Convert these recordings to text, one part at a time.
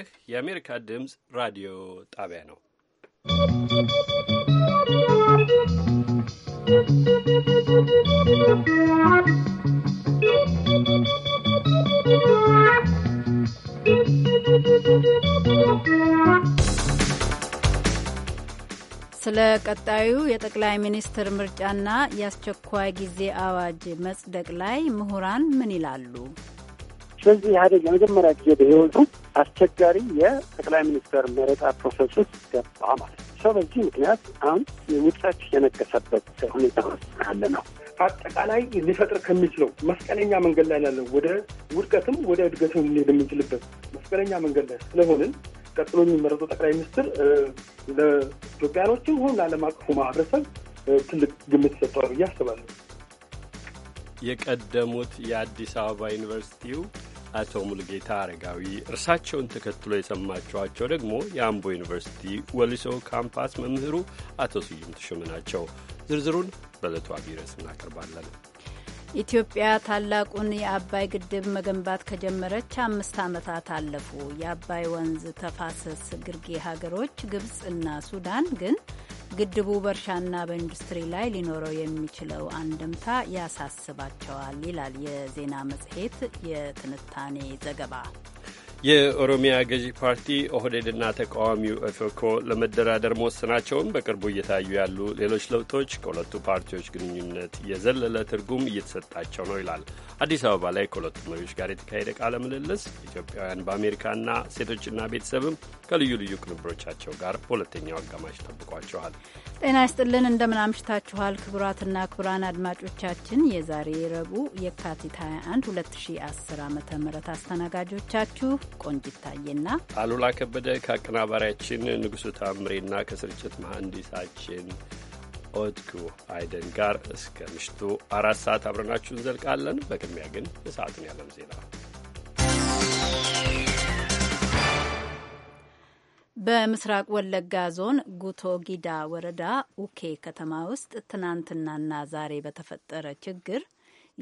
ይህ የአሜሪካ ድምፅ ራዲዮ ጣቢያ ነው። ስለ ቀጣዩ የጠቅላይ ሚኒስትር ምርጫና የአስቸኳይ ጊዜ አዋጅ መጽደቅ ላይ ምሁራን ምን ይላሉ? ስለዚህ ኢህአዴግ ለመጀመሪያ ጊዜ በሕይወቱ አስቸጋሪ የጠቅላይ ሚኒስተር መረጣ ፕሮሰስ ውስጥ ገባ ማለት ነው። ሰው በዚህ ምክንያት አሁን ውጥረት የነገሰበት ሁኔታ ያለ ነው። አጠቃላይ ሊፈጥር ከሚችለው መስቀለኛ መንገድ ላይ ያለው ወደ ውድቀትም ወደ እድገትም ሊሄድ የምንችልበት መስቀለኛ መንገድ ላይ ስለሆንን ቀጥሎ የሚመረጠው ጠቅላይ ሚኒስትር ለኢትዮጵያኖችም ሆን ለዓለም አቀፉ ማህበረሰብ ትልቅ ግምት ይሰጠዋል ብዬ አስባለሁ። የቀደሙት የአዲስ አበባ ዩኒቨርሲቲው አቶ ሙልጌታ አረጋዊ፣ እርሳቸውን ተከትሎ የሰማችኋቸው ደግሞ የአምቦ ዩኒቨርሲቲ ወሊሶ ካምፓስ መምህሩ አቶ ስዩም ተሾመ ናቸው። ዝርዝሩን በዕለቱ አብይ ርዕስ እናቀርባለን። ኢትዮጵያ ታላቁን የአባይ ግድብ መገንባት ከጀመረች አምስት ዓመታት አለፉ። የአባይ ወንዝ ተፋሰስ ግርጌ ሀገሮች ግብፅና ሱዳን ግን ግድቡ በእርሻና በኢንዱስትሪ ላይ ሊኖረው የሚችለው አንድምታ ያሳስባቸዋል ይላል የዜና መጽሔት የትንታኔ ዘገባ። የኦሮሚያ ገዢ ፓርቲ ኦህዴድና ተቃዋሚው ኦፌኮ ለመደራደር መወሰናቸውን በቅርቡ እየታዩ ያሉ ሌሎች ለውጦች ከሁለቱ ፓርቲዎች ግንኙነት የዘለለ ትርጉም እየተሰጣቸው ነው ይላል። አዲስ አበባ ላይ ከሁለቱ መሪዎች ጋር የተካሄደ ቃለ ምልልስ ኢትዮጵያውያን በአሜሪካና ሴቶችና ቤተሰብም ከልዩ ልዩ ቅንብሮቻቸው ጋር በሁለተኛው አጋማሽ ጠብቋቸዋል። ጤና ይስጥልን፣ እንደምን አምሽታችኋል ክቡራትና ክቡራን አድማጮቻችን የዛሬ ረቡዕ የካቲት 21 2010 ዓ ም አስተናጋጆቻችሁ ቆንጅ ይታየና አሉላ ከበደ ከአቀናባሪያችን ንጉሱ ታምሬና ከስርጭት መሐንዲሳችን ኦትኩ አይደን ጋር እስከ ምሽቱ አራት ሰዓት አብረናችሁ እንዘልቃለን። በቅድሚያ ግን የሰዓቱን ያለም ዜና በምስራቅ ወለጋ ዞን ጉቶ ጊዳ ወረዳ ኡኬ ከተማ ውስጥ ትናንትናና ዛሬ በተፈጠረ ችግር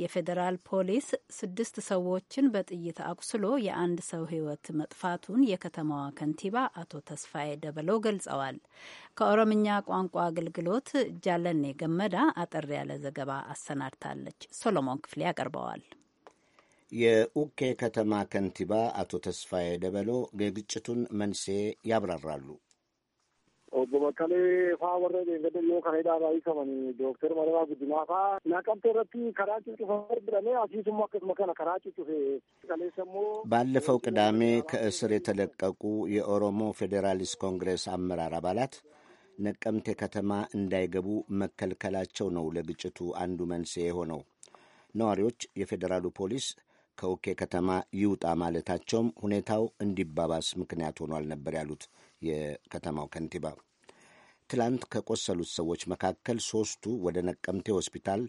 የፌዴራል ፖሊስ ስድስት ሰዎችን በጥይት አቁስሎ የአንድ ሰው ሕይወት መጥፋቱን የከተማዋ ከንቲባ አቶ ተስፋዬ ደበለው ገልጸዋል። ከኦሮምኛ ቋንቋ አገልግሎት ጃለኔ ገመዳ አጠር ያለ ዘገባ አሰናድታለች። ሶሎሞን ክፍሌ ያቀርበዋል። የኡኬ ከተማ ከንቲባ አቶ ተስፋዬ ደበሎ የግጭቱን መንስኤ ያብራራሉ። Obbo Bakkalee faa warra eeggatannoo kan hidhaa hiikamanii Dooktar Mararaa Guddinaa faa naqamtee irratti karaa cuccufe biramee asiisummoo akkasuma kana karaa cuccufe qaleessammoo ባለፈው ቅዳሜ ከእስር የተለቀቁ የኦሮሞ ፌዴራሊስት ኮንግሬስ አመራር አባላት ነቀምቴ ከተማ እንዳይገቡ መከልከላቸው ነው ለግጭቱ አንዱ መንስኤ የሆነው። ነዋሪዎች የፌዴራሉ ፖሊስ ከውኬ ከተማ ይውጣ ማለታቸውም ሁኔታው እንዲባባስ ምክንያት ሆኗል ነበር ያሉት። የከተማው ከንቲባ። ትላንት ከቆሰሉት ሰዎች መካከል ሦስቱ ወደ ነቀምቴ ሆስፒታል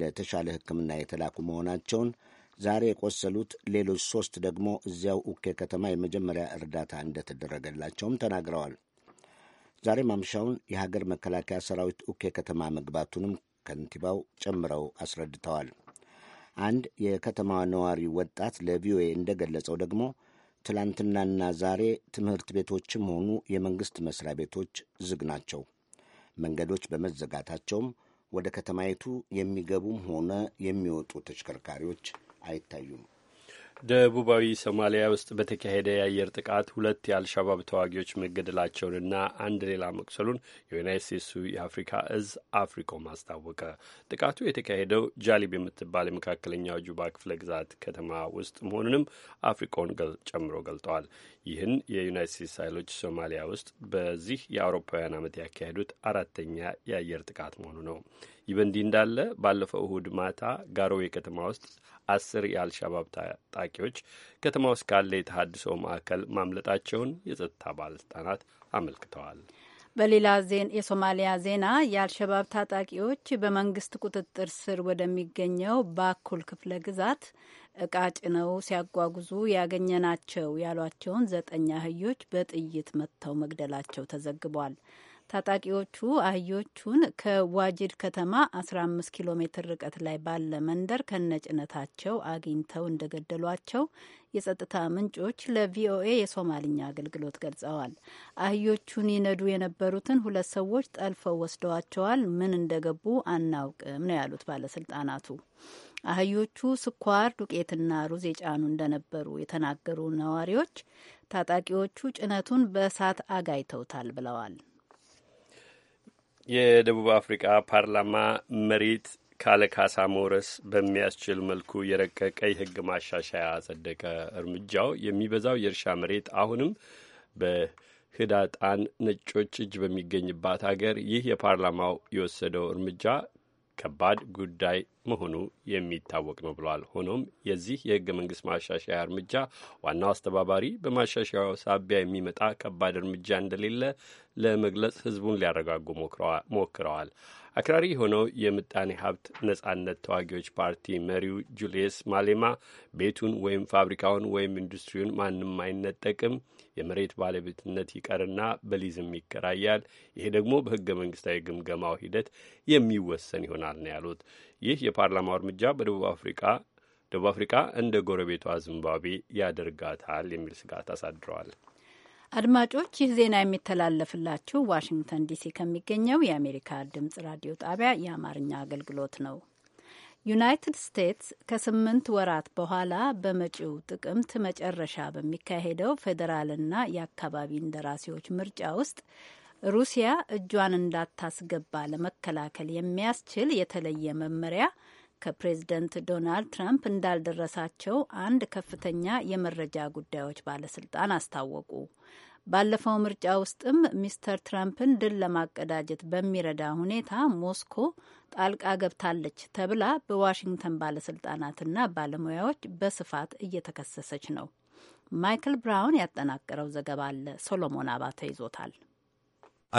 ለተሻለ ሕክምና የተላኩ መሆናቸውን፣ ዛሬ የቆሰሉት ሌሎች ሦስት ደግሞ እዚያው ኡኬ ከተማ የመጀመሪያ እርዳታ እንደተደረገላቸውም ተናግረዋል። ዛሬ ማምሻውን የሀገር መከላከያ ሰራዊት ኡኬ ከተማ መግባቱንም ከንቲባው ጨምረው አስረድተዋል። አንድ የከተማዋ ነዋሪ ወጣት ለቪኦኤ እንደገለጸው ደግሞ ትላንትናና ዛሬ ትምህርት ቤቶችም ሆኑ የመንግሥት መስሪያ ቤቶች ዝግ ናቸው። መንገዶች በመዘጋታቸውም ወደ ከተማይቱ የሚገቡም ሆነ የሚወጡ ተሽከርካሪዎች አይታዩም። ደቡባዊ ሶማሊያ ውስጥ በተካሄደ የአየር ጥቃት ሁለት የአልሻባብ ተዋጊዎች መገደላቸውንና አንድ ሌላ መቁሰሉን የዩናይት ስቴትሱ የአፍሪካ እዝ አፍሪኮም አስታወቀ። ጥቃቱ የተካሄደው ጃሊብ የምትባል የመካከለኛው ጁባ ክፍለ ግዛት ከተማ ውስጥ መሆኑንም አፍሪኮን ጨምሮ ገልጠዋል። ይህን የዩናይት ስቴትስ ኃይሎች ሶማሊያ ውስጥ በዚህ የአውሮፓውያን ዓመት ያካሄዱት አራተኛ የአየር ጥቃት መሆኑ ነው። ይህ በእንዲህ እንዳለ ባለፈው እሁድ ማታ ጋሮዌ ከተማ ውስጥ አስር የአልሻባብ ታጣቂዎች ከተማ ውስጥ ካለ የተሃድሶ ማዕከል ማምለጣቸውን የጸጥታ ባለስልጣናት አመልክተዋል። በሌላ የሶማሊያ ዜና የአልሸባብ ታጣቂዎች በመንግስት ቁጥጥር ስር ወደሚገኘው ባኩል ክፍለ ግዛት እቃ ጭነው ሲያጓጉዙ ያገኘናቸው ያሏቸውን ዘጠኝ አህዮች በጥይት መትተው መግደላቸው ተዘግቧል። ታጣቂዎቹ አህዮቹን ከዋጅድ ከተማ 15 ኪሎ ሜትር ርቀት ላይ ባለ መንደር ከነጭነታቸው አግኝተው እንደገደሏቸው የጸጥታ ምንጮች ለቪኦኤ የሶማልኛ አገልግሎት ገልጸዋል። አህዮቹን ይነዱ የነበሩትን ሁለት ሰዎች ጠልፈው ወስደዋቸዋል። ምን እንደገቡ አናውቅም ነው ያሉት ባለስልጣናቱ። አህዮቹ ስኳር፣ ዱቄትና ሩዝ የጫኑ እንደነበሩ የተናገሩ ነዋሪዎች ታጣቂዎቹ ጭነቱን በእሳት አጋይተውታል ብለዋል። የደቡብ አፍሪቃ ፓርላማ መሬት ካለ ካሳ መውረስ በሚያስችል መልኩ የረቀቀ የሕግ ማሻሻያ ጸደቀ። እርምጃው የሚበዛው የእርሻ መሬት አሁንም በህዳጣን ነጮች እጅ በሚገኝባት አገር ይህ የፓርላማው የወሰደው እርምጃ ከባድ ጉዳይ መሆኑ የሚታወቅ ነው ብሏል። ሆኖም የዚህ የህገ መንግስት ማሻሻያ እርምጃ ዋናው አስተባባሪ በማሻሻያው ሳቢያ የሚመጣ ከባድ እርምጃ እንደሌለ ለመግለጽ ህዝቡን ሊያረጋጉ ሞክረዋል። አክራሪ የሆነው የምጣኔ ሀብት ነጻነት ተዋጊዎች ፓርቲ መሪው ጁልየስ ማሌማ ቤቱን ወይም ፋብሪካውን ወይም ኢንዱስትሪውን ማንም አይነጠቅም የመሬት ባለቤትነት ይቀርና በሊዝም ይከራያል። ይሄ ደግሞ በህገ መንግስታዊ ግምገማው ሂደት የሚወሰን ይሆናል ነው ያሉት። ይህ የፓርላማው እርምጃ በደቡብ አፍሪቃ ደቡብ አፍሪካ እንደ ጎረቤቷ ዚምባብዌ ያደርጋታል የሚል ስጋት አሳድረዋል። አድማጮች ይህ ዜና የሚተላለፍላችሁ ዋሽንግተን ዲሲ ከሚገኘው የአሜሪካ ድምጽ ራዲዮ ጣቢያ የአማርኛ አገልግሎት ነው። ዩናይትድ ስቴትስ ከስምንት ወራት በኋላ በመጪው ጥቅምት መጨረሻ በሚካሄደው ፌዴራልና የአካባቢ እንደራሴዎች ምርጫ ውስጥ ሩሲያ እጇን እንዳታስገባ ለመከላከል የሚያስችል የተለየ መመሪያ ከፕሬዝደንት ዶናልድ ትራምፕ እንዳልደረሳቸው አንድ ከፍተኛ የመረጃ ጉዳዮች ባለስልጣን አስታወቁ። ባለፈው ምርጫ ውስጥም ሚስተር ትራምፕን ድል ለማቀዳጀት በሚረዳ ሁኔታ ሞስኮ ጣልቃ ገብታለች ተብላ በዋሽንግተን ባለስልጣናትና ባለሙያዎች በስፋት እየተከሰሰች ነው። ማይክል ብራውን ያጠናቀረው ዘገባ አለ። ሶሎሞን አባተ ይዞታል።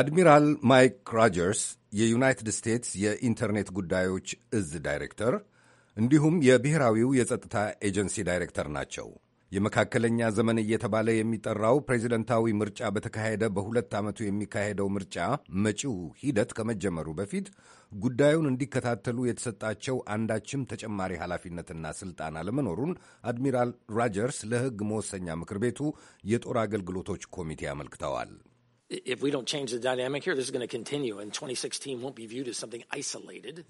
አድሚራል ማይክ ሮጀርስ የዩናይትድ ስቴትስ የኢንተርኔት ጉዳዮች እዝ ዳይሬክተር እንዲሁም የብሔራዊው የጸጥታ ኤጀንሲ ዳይሬክተር ናቸው። የመካከለኛ ዘመን እየተባለ የሚጠራው ፕሬዚደንታዊ ምርጫ በተካሄደ በሁለት ዓመቱ የሚካሄደው ምርጫ መጪው ሂደት ከመጀመሩ በፊት ጉዳዩን እንዲከታተሉ የተሰጣቸው አንዳችም ተጨማሪ ኃላፊነትና ስልጣን አለመኖሩን አድሚራል ሮጀርስ ለሕግ መወሰኛ ምክር ቤቱ የጦር አገልግሎቶች ኮሚቴ አመልክተዋል።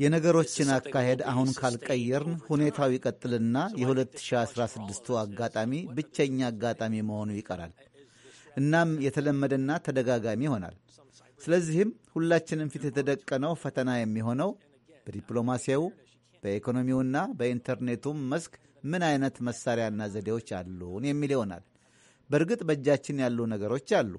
የነገሮችን አካሄድ አሁን ካልቀየርን ሁኔታው ይቀጥልና የ2016ቱ አጋጣሚ ብቸኛ አጋጣሚ መሆኑ ይቀራል። እናም የተለመደና ተደጋጋሚ ይሆናል። ስለዚህም ሁላችንም ፊት የተደቀነው ፈተና የሚሆነው በዲፕሎማሲያው፣ በኢኮኖሚውና በኢንተርኔቱም መስክ ምን አይነት መሳሪያና ዘዴዎች አሉን የሚል ይሆናል። በእርግጥ በእጃችን ያሉ ነገሮች አሉ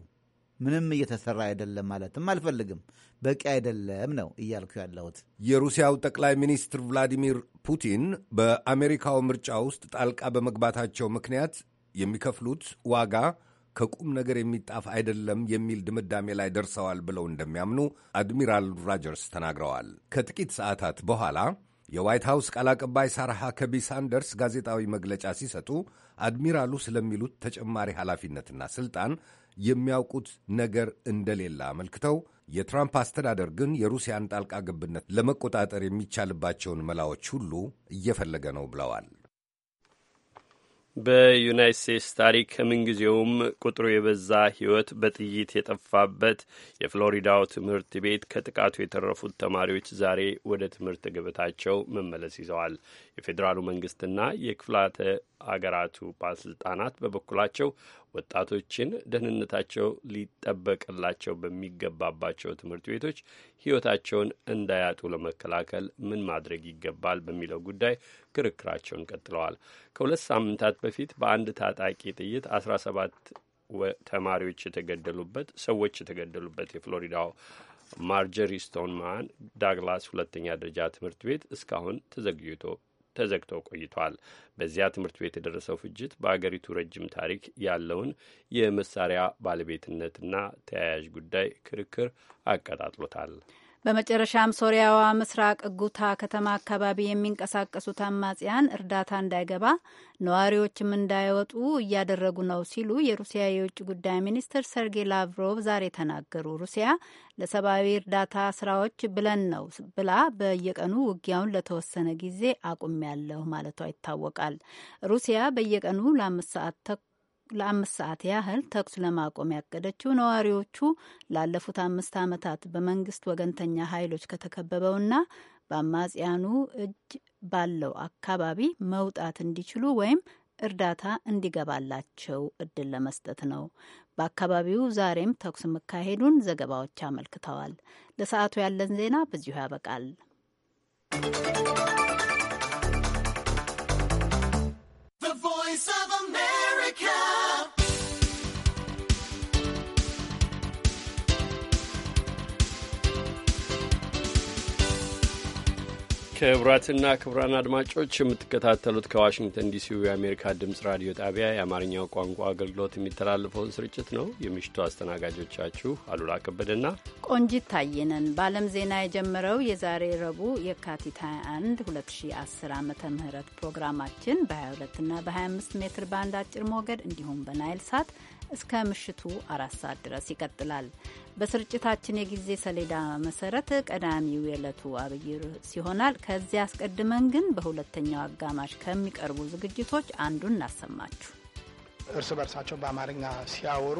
ምንም እየተሰራ አይደለም ማለትም አልፈልግም። በቂ አይደለም ነው እያልኩ ያለሁት። የሩሲያው ጠቅላይ ሚኒስትር ቭላዲሚር ፑቲን በአሜሪካው ምርጫ ውስጥ ጣልቃ በመግባታቸው ምክንያት የሚከፍሉት ዋጋ ከቁም ነገር የሚጣፍ አይደለም የሚል ድምዳሜ ላይ ደርሰዋል ብለው እንደሚያምኑ አድሚራል ሮጀርስ ተናግረዋል። ከጥቂት ሰዓታት በኋላ የዋይት ሃውስ ቃል አቀባይ ሳራ ሃከቢ ሳንደርስ ጋዜጣዊ መግለጫ ሲሰጡ አድሚራሉ ስለሚሉት ተጨማሪ ኃላፊነትና ስልጣን የሚያውቁት ነገር እንደሌለ አመልክተው የትራምፕ አስተዳደር ግን የሩሲያን ጣልቃ ገብነት ለመቆጣጠር የሚቻልባቸውን መላዎች ሁሉ እየፈለገ ነው ብለዋል። በዩናይት ስቴትስ ታሪክ ከምንጊዜውም ቁጥሩ የበዛ ሕይወት በጥይት የጠፋበት የፍሎሪዳው ትምህርት ቤት ከጥቃቱ የተረፉት ተማሪዎች ዛሬ ወደ ትምህርት ገበታቸው መመለስ ይዘዋል። የፌዴራሉ መንግስትና የክፍላተ አገራቱ ባለስልጣናት በበኩላቸው ወጣቶችን ደህንነታቸው ሊጠበቅላቸው በሚገባባቸው ትምህርት ቤቶች ህይወታቸውን እንዳያጡ ለመከላከል ምን ማድረግ ይገባል በሚለው ጉዳይ ክርክራቸውን ቀጥለዋል። ከሁለት ሳምንታት በፊት በአንድ ታጣቂ ጥይት አስራ ሰባት ተማሪዎች የተገደሉበት ሰዎች የተገደሉበት የፍሎሪዳው ማርጀሪ ስቶንማን ዳግላስ ሁለተኛ ደረጃ ትምህርት ቤት እስካሁን ተዘግይቶ ተዘግቶ ቆይቷል። በዚያ ትምህርት ቤት የደረሰው ፍጅት በአገሪቱ ረጅም ታሪክ ያለውን የመሳሪያ ባለቤትነትና ተያያዥ ጉዳይ ክርክር አቀጣጥሎታል። በመጨረሻም ሶሪያዋ ምስራቅ ጉታ ከተማ አካባቢ የሚንቀሳቀሱት አማጽያን እርዳታ እንዳይገባ ነዋሪዎችም እንዳይወጡ እያደረጉ ነው ሲሉ የሩሲያ የውጭ ጉዳይ ሚኒስትር ሰርጌይ ላቭሮቭ ዛሬ ተናገሩ። ሩሲያ ለሰብአዊ እርዳታ ስራዎች ብለን ነው ብላ በየቀኑ ውጊያውን ለተወሰነ ጊዜ አቁሚያለሁ ማለቷ ይታወቃል። ሩሲያ በየቀኑ ለአምስት ሰዓት ለአምስት ሰዓት ያህል ተኩስ ለማቆም ያቀደችው ነዋሪዎቹ ላለፉት አምስት ዓመታት በመንግስት ወገንተኛ ኃይሎች ከተከበበውና በአማጽያኑ እጅ ባለው አካባቢ መውጣት እንዲችሉ ወይም እርዳታ እንዲገባላቸው እድል ለመስጠት ነው። በአካባቢው ዛሬም ተኩስ መካሄዱን ዘገባዎች አመልክተዋል። ለሰዓቱ ያለን ዜና በዚሁ ያበቃል። ክቡራትና ክቡራን አድማጮች የምትከታተሉት ከዋሽንግተን ዲሲ የአሜሪካ ድምፅ ራዲዮ ጣቢያ የአማርኛው ቋንቋ አገልግሎት የሚተላለፈውን ስርጭት ነው። የምሽቱ አስተናጋጆቻችሁ አሉላ ከበደና ቆንጂት ታየነን። በዓለም ዜና የጀመረው የዛሬ ረቡዕ የካቲት 21 2010 ዓ ም ፕሮግራማችን በ22ና በ25 ሜትር ባንድ አጭር ሞገድ እንዲሁም በናይል ሳት እስከ ምሽቱ አራት ሰዓት ድረስ ይቀጥላል። በስርጭታችን የጊዜ ሰሌዳ መሰረት ቀዳሚው የዕለቱ አብይ ርዕስ ይሆናል። ከዚያ አስቀድመን ግን በሁለተኛው አጋማሽ ከሚቀርቡ ዝግጅቶች አንዱን እናሰማችሁ። እርስ በርሳቸው በአማርኛ ሲያወሩ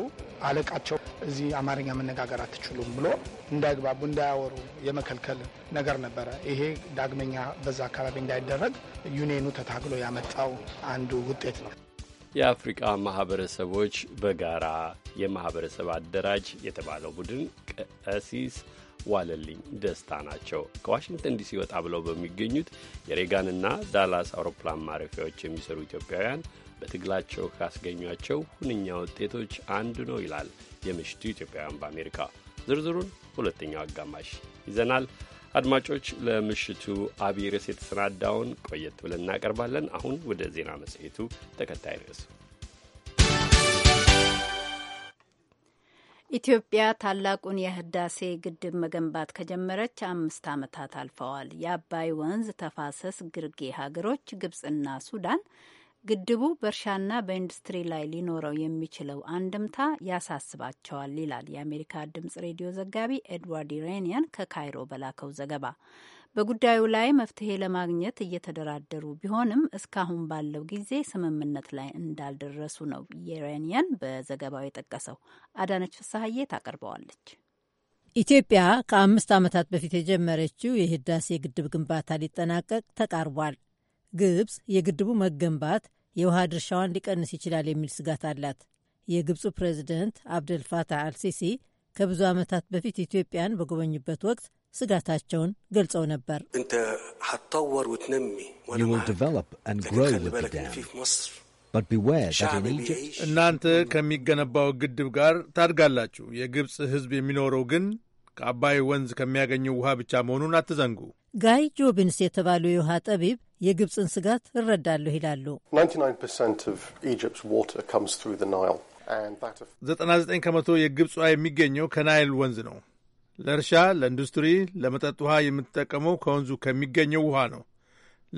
አለቃቸው እዚህ አማርኛ መነጋገር አትችሉም ብሎ እንዳይግባቡ እንዳያወሩ የመከልከል ነገር ነበረ። ይሄ ዳግመኛ በዛ አካባቢ እንዳይደረግ ዩኔኑ ተታግሎ ያመጣው አንዱ ውጤት ነው። የአፍሪቃ ማህበረሰቦች በጋራ የማህበረሰብ አደራጅ የተባለው ቡድን ቀሲስ ዋለልኝ ደስታ ናቸው። ከዋሽንግተን ዲሲ ወጣ ብለው በሚገኙት የሬጋንና ዳላስ አውሮፕላን ማረፊያዎች የሚሰሩ ኢትዮጵያውያን በትግላቸው ካስገኟቸው ሁነኛ ውጤቶች አንዱ ነው ይላል የምሽቱ ኢትዮጵያውያን በአሜሪካ ዝርዝሩን ሁለተኛው አጋማሽ ይዘናል። አድማጮች ለምሽቱ አብይ ርዕስ የተሰናዳውን ቆየት ብለን እናቀርባለን። አሁን ወደ ዜና መጽሔቱ ተከታይ ርዕስ ኢትዮጵያ ታላቁን የህዳሴ ግድብ መገንባት ከጀመረች አምስት ዓመታት አልፈዋል። የአባይ ወንዝ ተፋሰስ ግርጌ ሀገሮች ግብጽና ሱዳን ግድቡ በእርሻና በኢንዱስትሪ ላይ ሊኖረው የሚችለው አንድምታ ያሳስባቸዋል ይላል የአሜሪካ ድምጽ ሬዲዮ ዘጋቢ ኤድዋርድ ኢሬኒያን ከካይሮ በላከው ዘገባ። በጉዳዩ ላይ መፍትሄ ለማግኘት እየተደራደሩ ቢሆንም እስካሁን ባለው ጊዜ ስምምነት ላይ እንዳልደረሱ ነው ኢሬኒያን በዘገባው የጠቀሰው። አዳነች ፍሳሀዬ ታቀርበዋለች። ኢትዮጵያ ከአምስት ዓመታት በፊት የጀመረችው የህዳሴ ግድብ ግንባታ ሊጠናቀቅ ተቃርቧል። ግብፅ የግድቡ መገንባት የውሃ ድርሻዋን ሊቀንስ ይችላል የሚል ስጋት አላት። የግብፁ ፕሬዚደንት አብደል ፋታህ አልሲሲ ከብዙ ዓመታት በፊት ኢትዮጵያን በጎበኙበት ወቅት ስጋታቸውን ገልጸው ነበር። እናንተ ከሚገነባው ግድብ ጋር ታድጋላችሁ። የግብፅ ሕዝብ የሚኖረው ግን ከአባይ ወንዝ ከሚያገኘው ውሃ ብቻ መሆኑን አትዘንጉ። ጋይ ጆቢንስ የተባሉ የውሃ ጠቢብ የግብፅን ስጋት እረዳለሁ ይላሉ። 99 ከመቶ የግብፅ ውሃ የሚገኘው ከናይል ወንዝ ነው። ለእርሻ፣ ለኢንዱስትሪ፣ ለመጠጥ ውሃ የምትጠቀመው ከወንዙ ከሚገኘው ውሃ ነው።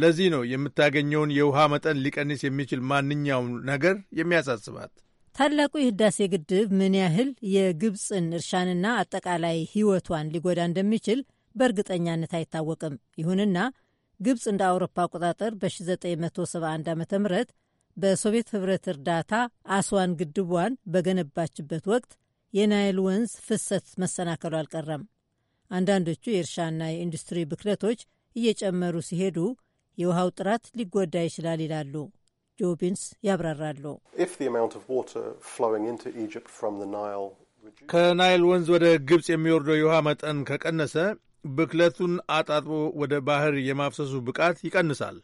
ለዚህ ነው የምታገኘውን የውሃ መጠን ሊቀንስ የሚችል ማንኛውም ነገር የሚያሳስባት። ታላቁ የህዳሴ ግድብ ምን ያህል የግብፅን እርሻንና አጠቃላይ ህይወቷን ሊጎዳ እንደሚችል በእርግጠኛነት አይታወቅም። ይሁንና ግብፅ እንደ አውሮፓ አቆጣጠር በ1971 ዓ ም በሶቪየት ህብረት እርዳታ አስዋን ግድቧን በገነባችበት ወቅት የናይል ወንዝ ፍሰት መሰናከሉ አልቀረም። አንዳንዶቹ የእርሻና የኢንዱስትሪ ብክለቶች እየጨመሩ ሲሄዱ የውሃው ጥራት ሊጎዳ ይችላል ይላሉ። ጆቢንስ ያብራራሉ። ከናይል ወንዝ ወደ ግብፅ የሚወርደው የውሃ መጠን ከቀነሰ ብክለቱን አጣጥቦ ወደ ባህር የማፍሰሱ ብቃት ይቀንሳል።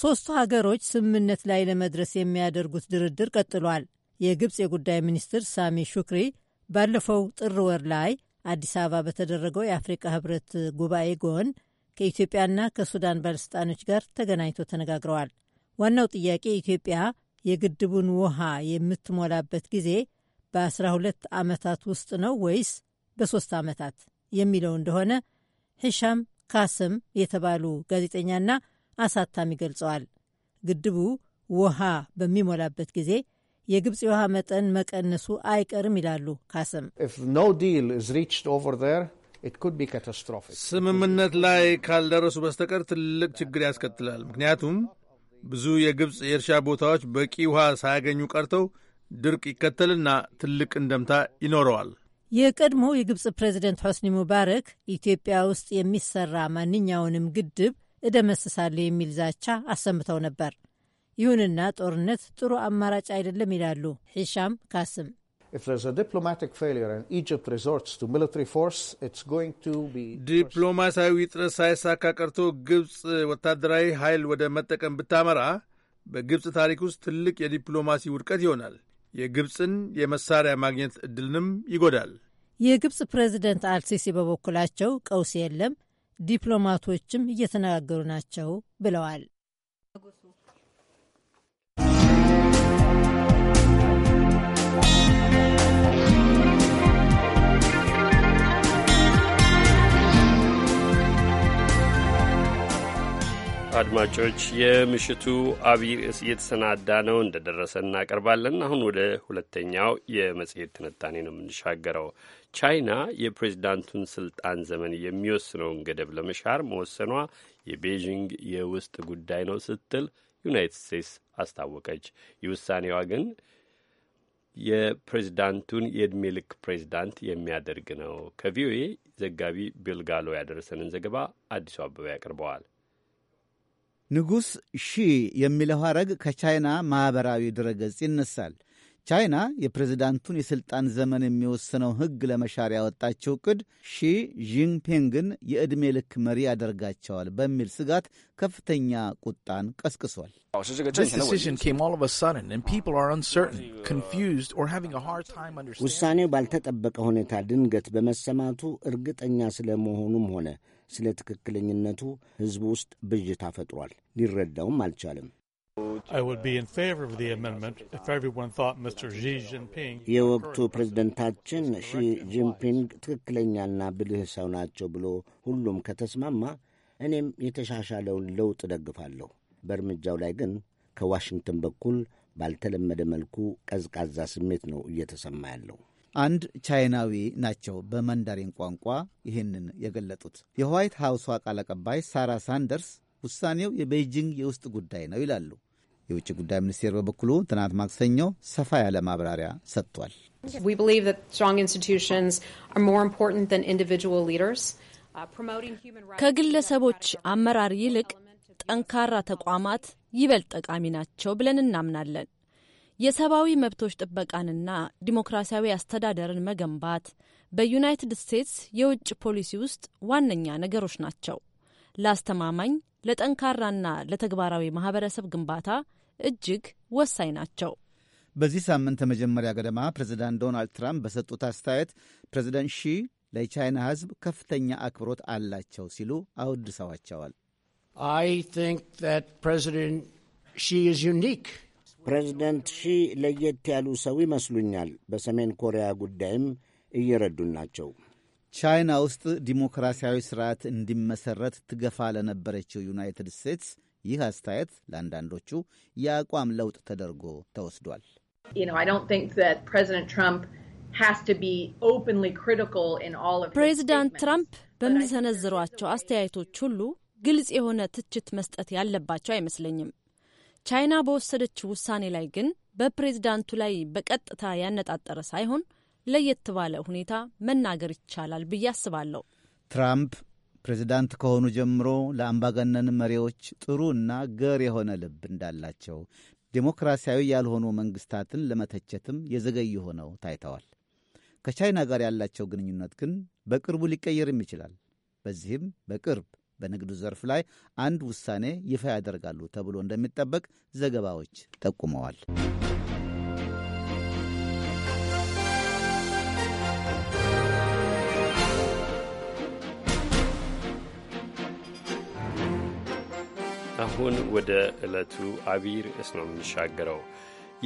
ሦስቱ ሀገሮች ስምምነት ላይ ለመድረስ የሚያደርጉት ድርድር ቀጥሏል። የግብፅ የጉዳይ ሚኒስትር ሳሚ ሹክሪ ባለፈው ጥር ወር ላይ አዲስ አበባ በተደረገው የአፍሪካ ህብረት ጉባኤ ጎን ከኢትዮጵያና ከሱዳን ባለሥልጣኖች ጋር ተገናኝቶ ተነጋግረዋል። ዋናው ጥያቄ ኢትዮጵያ የግድቡን ውሃ የምትሞላበት ጊዜ በ12 ዓመታት ውስጥ ነው ወይስ በሦስት ዓመታት የሚለው እንደሆነ ሂሻም ካስም የተባሉ ጋዜጠኛና አሳታሚ ገልጸዋል። ግድቡ ውሃ በሚሞላበት ጊዜ የግብፅ የውሃ መጠን መቀነሱ አይቀርም ይላሉ ካስም። ስምምነት ላይ ካልደረሱ በስተቀር ትልቅ ችግር ያስከትላል። ምክንያቱም ብዙ የግብፅ የእርሻ ቦታዎች በቂ ውሃ ሳያገኙ ቀርተው ድርቅ ይከተልና ትልቅ እንደምታ ይኖረዋል። የቀድሞው የግብፅ ፕሬዚደንት ሆስኒ ሙባረክ ኢትዮጵያ ውስጥ የሚሰራ ማንኛውንም ግድብ እደመስሳለሁ የሚል ዛቻ አሰምተው ነበር። ይሁንና ጦርነት ጥሩ አማራጭ አይደለም ይላሉ ሂሻም ካስም። ዲፕሎማሲያዊ ጥረት ሳይሳካ ቀርቶ ግብፅ ወታደራዊ ኃይል ወደ መጠቀም ብታመራ በግብፅ ታሪክ ውስጥ ትልቅ የዲፕሎማሲ ውድቀት ይሆናል። የግብፅን የመሳሪያ ማግኘት እድልንም ይጎዳል። የግብፅ ፕሬዚደንት አልሲሲ በበኩላቸው ቀውስ የለም፣ ዲፕሎማቶችም እየተነጋገሩ ናቸው ብለዋል። አድማጮች የምሽቱ አብይ ርዕስ እየተሰናዳ ነው እንደደረሰ እናቀርባለን። አሁን ወደ ሁለተኛው የመጽሔት ትንታኔ ነው የምንሻገረው። ቻይና የፕሬዚዳንቱን ስልጣን ዘመን የሚወስነውን ገደብ ለመሻር መወሰኗ የቤዥንግ የውስጥ ጉዳይ ነው ስትል ዩናይትድ ስቴትስ አስታወቀች። የውሳኔዋ ግን የፕሬዚዳንቱን የእድሜ ልክ ፕሬዚዳንት የሚያደርግ ነው። ከቪኦኤ ዘጋቢ ቢልጋሎ ያደረሰንን ዘገባ አዲሱ አበባ ያቀርበዋል። ንጉሥ ሺ የሚለው ሐረግ ከቻይና ማኅበራዊ ድረገጽ ይነሳል። ቻይና የፕሬዝዳንቱን የሥልጣን ዘመን የሚወስነው ሕግ ለመሻር ያወጣችው ዕቅድ ሺ ዢንፒንግን የዕድሜ ልክ መሪ ያደርጋቸዋል በሚል ስጋት ከፍተኛ ቁጣን ቀስቅሷል። ውሳኔው ባልተጠበቀ ሁኔታ ድንገት በመሰማቱ እርግጠኛ ስለመሆኑም ሆነ ስለ ትክክለኝነቱ ሕዝብ ውስጥ ብዥታ ፈጥሯል። ሊረዳውም አልቻለም። የወቅቱ ፕሬዝደንታችን ሺ ጂንፒንግ ትክክለኛና ብልህ ሰው ናቸው ብሎ ሁሉም ከተስማማ እኔም የተሻሻለውን ለውጥ እደግፋለሁ። በእርምጃው ላይ ግን ከዋሽንግተን በኩል ባልተለመደ መልኩ ቀዝቃዛ ስሜት ነው እየተሰማ ያለው። አንድ ቻይናዊ ናቸው በመንዳሪን ቋንቋ ይህንን የገለጡት። የዋይት ሃውሷ ቃል አቀባይ ሳራ ሳንደርስ ውሳኔው የቤይጂንግ የውስጥ ጉዳይ ነው ይላሉ። የውጭ ጉዳይ ሚኒስቴር በበኩሉ ትናንት ማክሰኞ ሰፋ ያለ ማብራሪያ ሰጥቷል። uh, ከግለሰቦች አመራር ይልቅ ጠንካራ ተቋማት ይበልጥ ጠቃሚ ናቸው ብለን እናምናለን። የሰብአዊ መብቶች ጥበቃንና ዲሞክራሲያዊ አስተዳደርን መገንባት በዩናይትድ ስቴትስ የውጭ ፖሊሲ ውስጥ ዋነኛ ነገሮች ናቸው። ለአስተማማኝ ለጠንካራና ለተግባራዊ ማህበረሰብ ግንባታ እጅግ ወሳኝ ናቸው። በዚህ ሳምንት መጀመሪያ ገደማ ፕሬዚዳንት ዶናልድ ትራምፕ በሰጡት አስተያየት ፕሬዚዳንት ሺ ለቻይና ሕዝብ ከፍተኛ አክብሮት አላቸው ሲሉ አውድሰዋቸዋል። ፕሬዚዳንት ሺ ፕሬዚደንት ሺ ለየት ያሉ ሰው ይመስሉኛል። በሰሜን ኮሪያ ጉዳይም እየረዱን ናቸው። ቻይና ውስጥ ዲሞክራሲያዊ ስርዓት እንዲመሰረት ትገፋ ለነበረችው ዩናይትድ ስቴትስ ይህ አስተያየት ለአንዳንዶቹ የአቋም ለውጥ ተደርጎ ተወስዷል። ፕሬዚዳንት ትራምፕ በሚሰነዝሯቸው አስተያየቶች ሁሉ ግልጽ የሆነ ትችት መስጠት ያለባቸው አይመስለኝም። ቻይና በወሰደችው ውሳኔ ላይ ግን በፕሬዝዳንቱ ላይ በቀጥታ ያነጣጠረ ሳይሆን ለየት ባለ ሁኔታ መናገር ይቻላል ብዬ አስባለሁ። ትራምፕ ፕሬዝዳንት ከሆኑ ጀምሮ ለአምባገነን መሪዎች ጥሩ እና ገር የሆነ ልብ እንዳላቸው፣ ዴሞክራሲያዊ ያልሆኑ መንግስታትን ለመተቸትም የዘገዩ ሆነው ታይተዋል። ከቻይና ጋር ያላቸው ግንኙነት ግን በቅርቡ ሊቀየርም ይችላል። በዚህም በቅርብ በንግዱ ዘርፍ ላይ አንድ ውሳኔ ይፋ ያደርጋሉ ተብሎ እንደሚጠበቅ ዘገባዎች ጠቁመዋል። አሁን ወደ ዕለቱ አብይ ርዕስ ነው የምንሻገረው።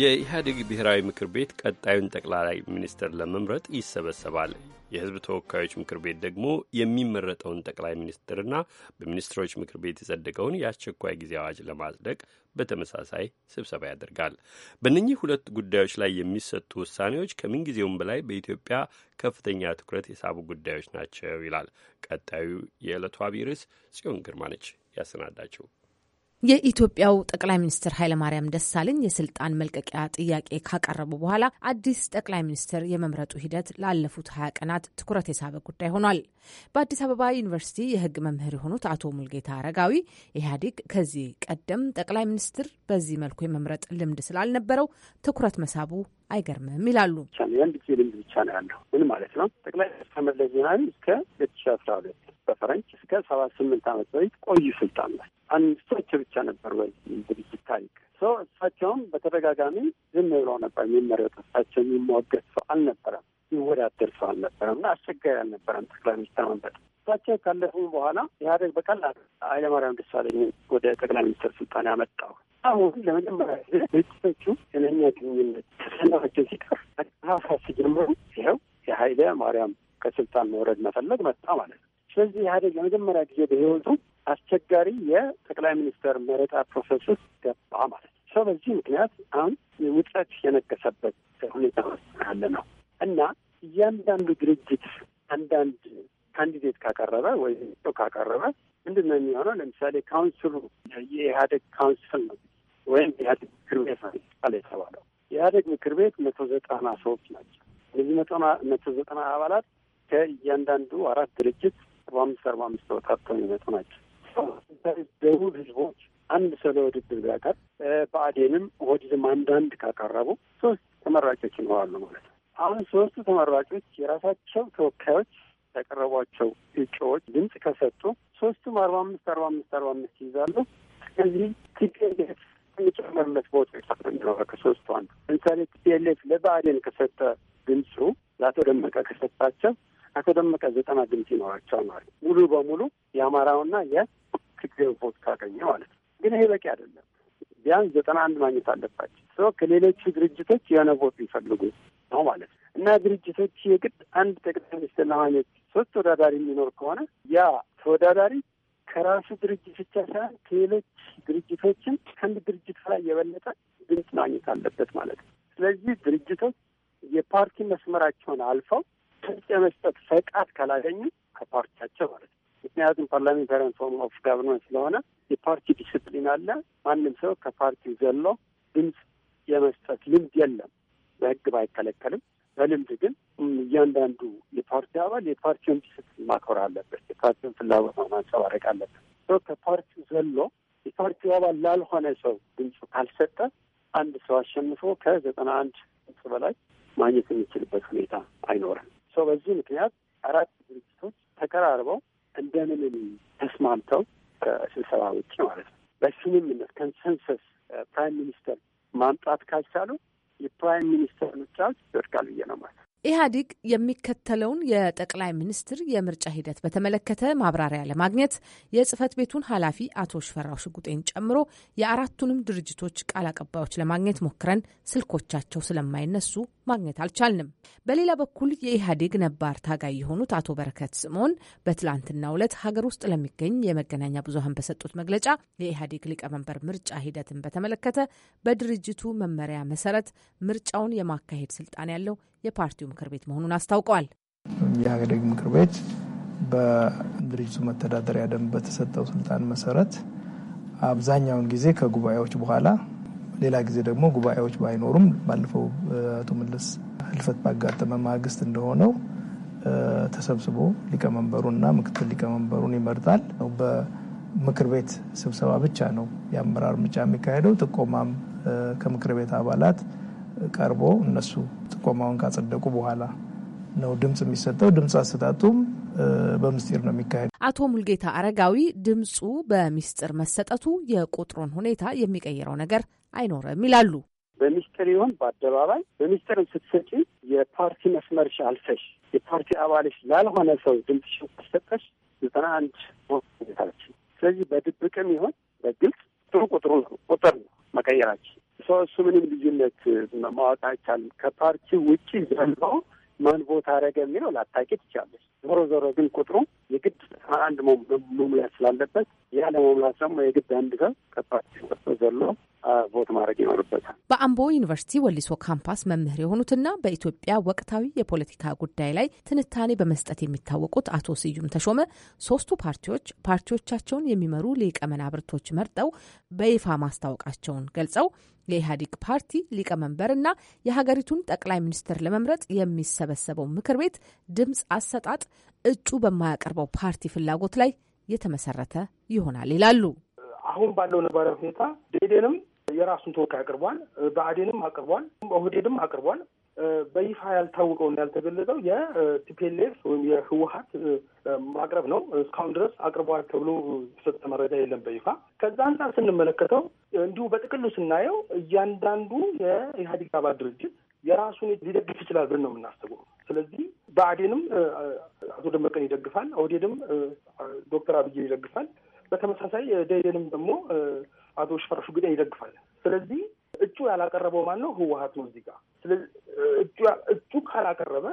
የኢህአዴግ ብሔራዊ ምክር ቤት ቀጣዩን ጠቅላይ ሚኒስትር ለመምረጥ ይሰበሰባል። የህዝብ ተወካዮች ምክር ቤት ደግሞ የሚመረጠውን ጠቅላይ ሚኒስትርና በሚኒስትሮች ምክር ቤት የጸደቀውን የአስቸኳይ ጊዜ አዋጅ ለማጽደቅ በተመሳሳይ ስብሰባ ያደርጋል። በእነኚህ ሁለት ጉዳዮች ላይ የሚሰጡ ውሳኔዎች ከምንጊዜውም በላይ በኢትዮጵያ ከፍተኛ ትኩረት የሳቡ ጉዳዮች ናቸው ይላል ቀጣዩ የዕለቱ አብይ ርዕስ። ጽዮን ግርማ ነች ያሰናዳቸው። የኢትዮጵያው ጠቅላይ ሚኒስትር ኃይለማርያም ደሳለኝ የስልጣን መልቀቂያ ጥያቄ ካቀረቡ በኋላ አዲስ ጠቅላይ ሚኒስትር የመምረጡ ሂደት ላለፉት ሀያ ቀናት ትኩረት የሳበ ጉዳይ ሆኗል። በአዲስ አበባ ዩኒቨርሲቲ የህግ መምህር የሆኑት አቶ ሙልጌታ አረጋዊ ኢህአዴግ ከዚህ ቀደም ጠቅላይ ሚኒስትር በዚህ መልኩ የመምረጥ ልምድ ስላልነበረው ትኩረት መሳቡ አይገርምም ይላሉ። የአንድ ጊዜ ልምድ ብቻ ነው ያለው። ምን ማለት ነው? ጠቅላይ ሚኒስትር መለስ ዜናዊ እስከ ሁለት ሺ አስራ ሁለት በፈረንጅ እስከ ሰባ ስምንት አመት በፊት ቆዩ። ስልጣን ላይ አንስቶች ብቻ ነበር ወይ ድርጅት ታሪክ ሰው እሳቸውም በተደጋጋሚ ዝም ብለው ነበር የሚመረጡ እሳቸው የሚሟገት ሰው አልነበረም። ይወዳደር ሰው አልነበረም እና አስቸጋሪ አልነበረም ጠቅላይ ሚኒስትር መንበር እሳቸው ካለፉ በኋላ ኢህአደግ በቀላል ኃይለማርያም ደሳለኝ ወደ ጠቅላይ ሚኒስትር ስልጣን ያመጣው። አሁን ለመጀመሪያ ጊዜ ድርጅቶቹ የነኛ ግንኙነት ተሰናቸው ሲቀር አካፋስ ሲጀምሩ ይኸው የኃይለ ማርያም ከስልጣን መውረድ መፈለግ መጣ ማለት ነው። ስለዚህ ኢህአዴግ ለመጀመሪያ ጊዜ በህይወቱ አስቸጋሪ የጠቅላይ ሚኒስትር መረጣ ፕሮሰስ ውስጥ ገባ ማለት ነው። ሰው በዚህ ምክንያት አሁን ውጥረት የነገሰበት ሁኔታ ያለ ነው። እና እያንዳንዱ ድርጅት አንዳንድ ካንዲዴት ካቀረበ ወይም ሰው ካቀረበ ምንድን ነው የሚሆነው? ለምሳሌ ካውንስሉ የኢህአዴግ ካውንስል ነው ወይም ኢህአዴግ ምክር ቤት ነው የተባለው የኢህአዴግ ምክር ቤት መቶ ዘጠና ሰዎች ናቸው። እነዚህ መቶ መቶ ዘጠና አባላት ከእያንዳንዱ አራት ድርጅት አርባ አምስት አርባ አምስት ተወጣጥተው የሚመጡ ናቸው። ደቡብ ህዝቦች አንድ ሰው ለውድድር ቢያቀር በአዴንም ኦህዴድም አንዳንድ ካቀረቡ ሶስት ተመራጮች ይኖራሉ ማለት ነው። አሁን ሶስቱ ተመራጮች የራሳቸው ተወካዮች ያቀረቧቸው እጩዎች ድምፅ ከሰጡ ሶስቱም አርባ አምስት አርባ አምስት አርባ አምስት ይይዛሉ። ከዚህ ቲፒኤልኤፍ የሚጨመርለት ቦታ ይኖረ ከሶስቱ አንዱ ለምሳሌ ቲፒኤልኤፍ ለብአዴን ከሰጠ ድምፁ ለአቶ ደመቀ ከሰጣቸው አቶ ደመቀ ዘጠና ድምፅ ይኖራቸዋል ማለት ነው። ሙሉ በሙሉ የአማራውና የትግሬው ቦት ካገኘ ማለት ነው። ግን ይሄ በቂ አይደለም። ቢያንስ ዘጠና አንድ ማግኘት አለባቸው። ሰው ከሌሎቹ ድርጅቶች የሆነ ቦት ቢፈልጉ ነው ማለት ነው እና ድርጅቶች የግድ አንድ ጠቅላይ ሚኒስትር ለማግኘት ሶስት ተወዳዳሪ የሚኖር ከሆነ ያ ተወዳዳሪ ከራሱ ድርጅት ብቻ ሳይሆን ከሌሎች ድርጅቶችን ከአንድ ድርጅት ላይ የበለጠ ድምፅ ማግኘት አለበት ማለት ነው። ስለዚህ ድርጅቶች የፓርቲ መስመራቸውን አልፈው ድምፅ የመስጠት ፈቃድ ካላገኙ ከፓርቲያቸው ማለት ነው። ምክንያቱም ፓርላሜንታሪያን ፎርም ኦፍ ጋቨርንመንት ስለሆነ የፓርቲ ዲስፕሊን አለ። ማንም ሰው ከፓርቲው ዘሎ ድምፅ የመስጠት ልምድ የለም። በህግ ባይከለከልም በልምድ ግን እያንዳንዱ የፓርቲ አባል የፓርቲውን ዲስፕሊን ማክበር አለበት። የፓርቲውን ፍላጎት ማንጸባረቅ አለበት። ከፓርቲው ዘሎ የፓርቲው አባል ላልሆነ ሰው ድምፁ ካልሰጠ አንድ ሰው አሸንፎ ከዘጠና አንድ ድምፅ በላይ ማግኘት የሚችልበት ሁኔታ አይኖርም። ሰው በዚህ ምክንያት አራት ድርጅቶች ተቀራርበው እንደምንም ተስማምተው ከስብሰባ ውጭ ማለት ነው በስምምነት ከንሰንሰስ ፕራይም ሚኒስተር ማምጣት ካልቻሉ የፕራይም ሚኒስተር ምርጫ ይደርጋል ብዬ ነው ማለት ኢህአዲግ የሚከተለውን የጠቅላይ ሚኒስትር የምርጫ ሂደት በተመለከተ ማብራሪያ ለማግኘት የጽህፈት ቤቱን ኃላፊ አቶ ሽፈራው ሽጉጤን ጨምሮ የአራቱንም ድርጅቶች ቃል አቀባዮች ለማግኘት ሞክረን ስልኮቻቸው ስለማይነሱ ማግኘት አልቻልንም። በሌላ በኩል የኢህአዴግ ነባር ታጋይ የሆኑት አቶ በረከት ስምኦን በትላንትናው ዕለት ሀገር ውስጥ ለሚገኝ የመገናኛ ብዙሀን በሰጡት መግለጫ የኢህአዴግ ሊቀመንበር ምርጫ ሂደትን በተመለከተ በድርጅቱ መመሪያ መሰረት ምርጫውን የማካሄድ ስልጣን ያለው የፓርቲው ምክር ቤት መሆኑን አስታውቀዋል። የኢህአዴግ ምክር ቤት በድርጅቱ መተዳደሪያ ደንብ በተሰጠው ስልጣን መሰረት አብዛኛውን ጊዜ ከጉባኤዎች በኋላ ሌላ ጊዜ ደግሞ ጉባኤዎች ባይኖሩም ባለፈው አቶ መለስ ህልፈት ባጋጠመ ማግስት እንደሆነው ተሰብስቦ ሊቀመንበሩና ምክትል ሊቀመንበሩን ይመርጣል። በምክር ቤት ስብሰባ ብቻ ነው የአመራር ምርጫ የሚካሄደው። ጥቆማም ከምክር ቤት አባላት ቀርቦ እነሱ ጥቆማውን ካጸደቁ በኋላ ነው ድምፅ የሚሰጠው። ድምፅ አሰጣጡም በምስጢር ነው የሚካሄድ። አቶ ሙልጌታ አረጋዊ ድምፁ በምስጢር መሰጠቱ የቁጥሩን ሁኔታ የሚቀይረው ነገር አይኖርም ይላሉ። በምስጢር ይሁን በአደባባይ በምስጢር ስትሰጪ የፓርቲ መስመርሽ አልፈሽ የፓርቲ አባልሽ ላልሆነ ሰው ድምፅሽ ካሰጠሽ ዘጠና አንድ ስለዚህ በድብቅም ይሁን በግልጽ እሱ ምንም ልዩነት ማወቅ አይቻልም። ከፓርቲ ውጭ ዘሎ ማን ቦት አረገ የሚለው ላታቂ ትቻለች። ዞሮ ዞሮ ግን ቁጥሩ የግድ አንድ መሙላት ስላለበት ያለ መሙላት ደግሞ የግድ አንድ ሰው ከፓርቲው ዘሎ ቮት ማድረግ ይኖርበታል። በአምቦ ዩኒቨርሲቲ ወሊሶ ካምፓስ መምህር የሆኑትና በኢትዮጵያ ወቅታዊ የፖለቲካ ጉዳይ ላይ ትንታኔ በመስጠት የሚታወቁት አቶ ስዩም ተሾመ ሶስቱ ፓርቲዎች ፓርቲዎቻቸውን የሚመሩ ሊቀመናብርቶች መርጠው በይፋ ማስታወቃቸውን ገልጸው የኢህአዴግ ፓርቲ ሊቀመንበርና የሀገሪቱን ጠቅላይ ሚኒስትር ለመምረጥ የሚሰበሰበው ምክር ቤት ድምፅ አሰጣጥ እጩ በማያቀርበው ፓርቲ ፍላጎት ላይ የተመሰረተ ይሆናል ይላሉ። አሁን ባለው ነባራዊ ሁኔታ ደኢህዴንም የራሱን ተወካይ አቅርቧል። በአዴንም አቅርቧል። ኦህዴድም አቅርቧል። በይፋ ያልታወቀውና ያልተገለጸው የቲፒኤልኤፍ ወይም የህወሀት ማቅረብ ነው። እስካሁን ድረስ አቅርቧል ተብሎ የተሰጠ መረጃ የለም በይፋ። ከዛ አንጻር ስንመለከተው እንዲሁ በጥቅሉ ስናየው እያንዳንዱ የኢህአዴግ አባል ድርጅት የራሱን ሊደግፍ ይችላል ብለን ነው የምናስበው። ስለዚህ በአዴንም አቶ ደመቀን ይደግፋል፣ ኦህዴድም ዶክተር አብይን ይደግፋል። በተመሳሳይ ደኢህዴንም ደግሞ አቶ ሽፈራሹ ግን ይደግፋል። ስለዚህ እጩ ያላቀረበው ማን ነው? ህወሀት ነው እዚህ ጋር። ስለዚህ እጩ ካላቀረበ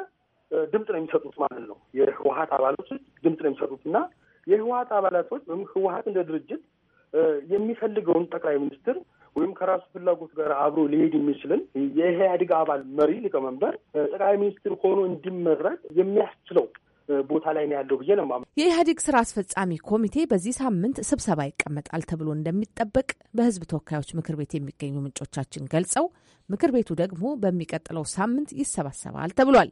ድምፅ ነው የሚሰጡት ማለት ነው። የህወሀት አባላቶች ድምፅ ነው የሚሰጡት እና የህወሀት አባላቶች ወይም ህወሀት እንደ ድርጅት የሚፈልገውን ጠቅላይ ሚኒስትር ወይም ከራሱ ፍላጎት ጋር አብሮ ሊሄድ የሚችልን የኢህአዴግ አባል መሪ ሊቀመንበር ጠቅላይ ሚኒስትር ሆኖ እንዲመረጥ የሚያስችለው ቦታ ላይ ነው ያለው ብዬ ነው የኢህአዴግ ስራ አስፈጻሚ ኮሚቴ በዚህ ሳምንት ስብሰባ ይቀመጣል ተብሎ እንደሚጠበቅ በህዝብ ተወካዮች ምክር ቤት የሚገኙ ምንጮቻችን ገልጸው ምክር ቤቱ ደግሞ በሚቀጥለው ሳምንት ይሰባሰባል ተብሏል።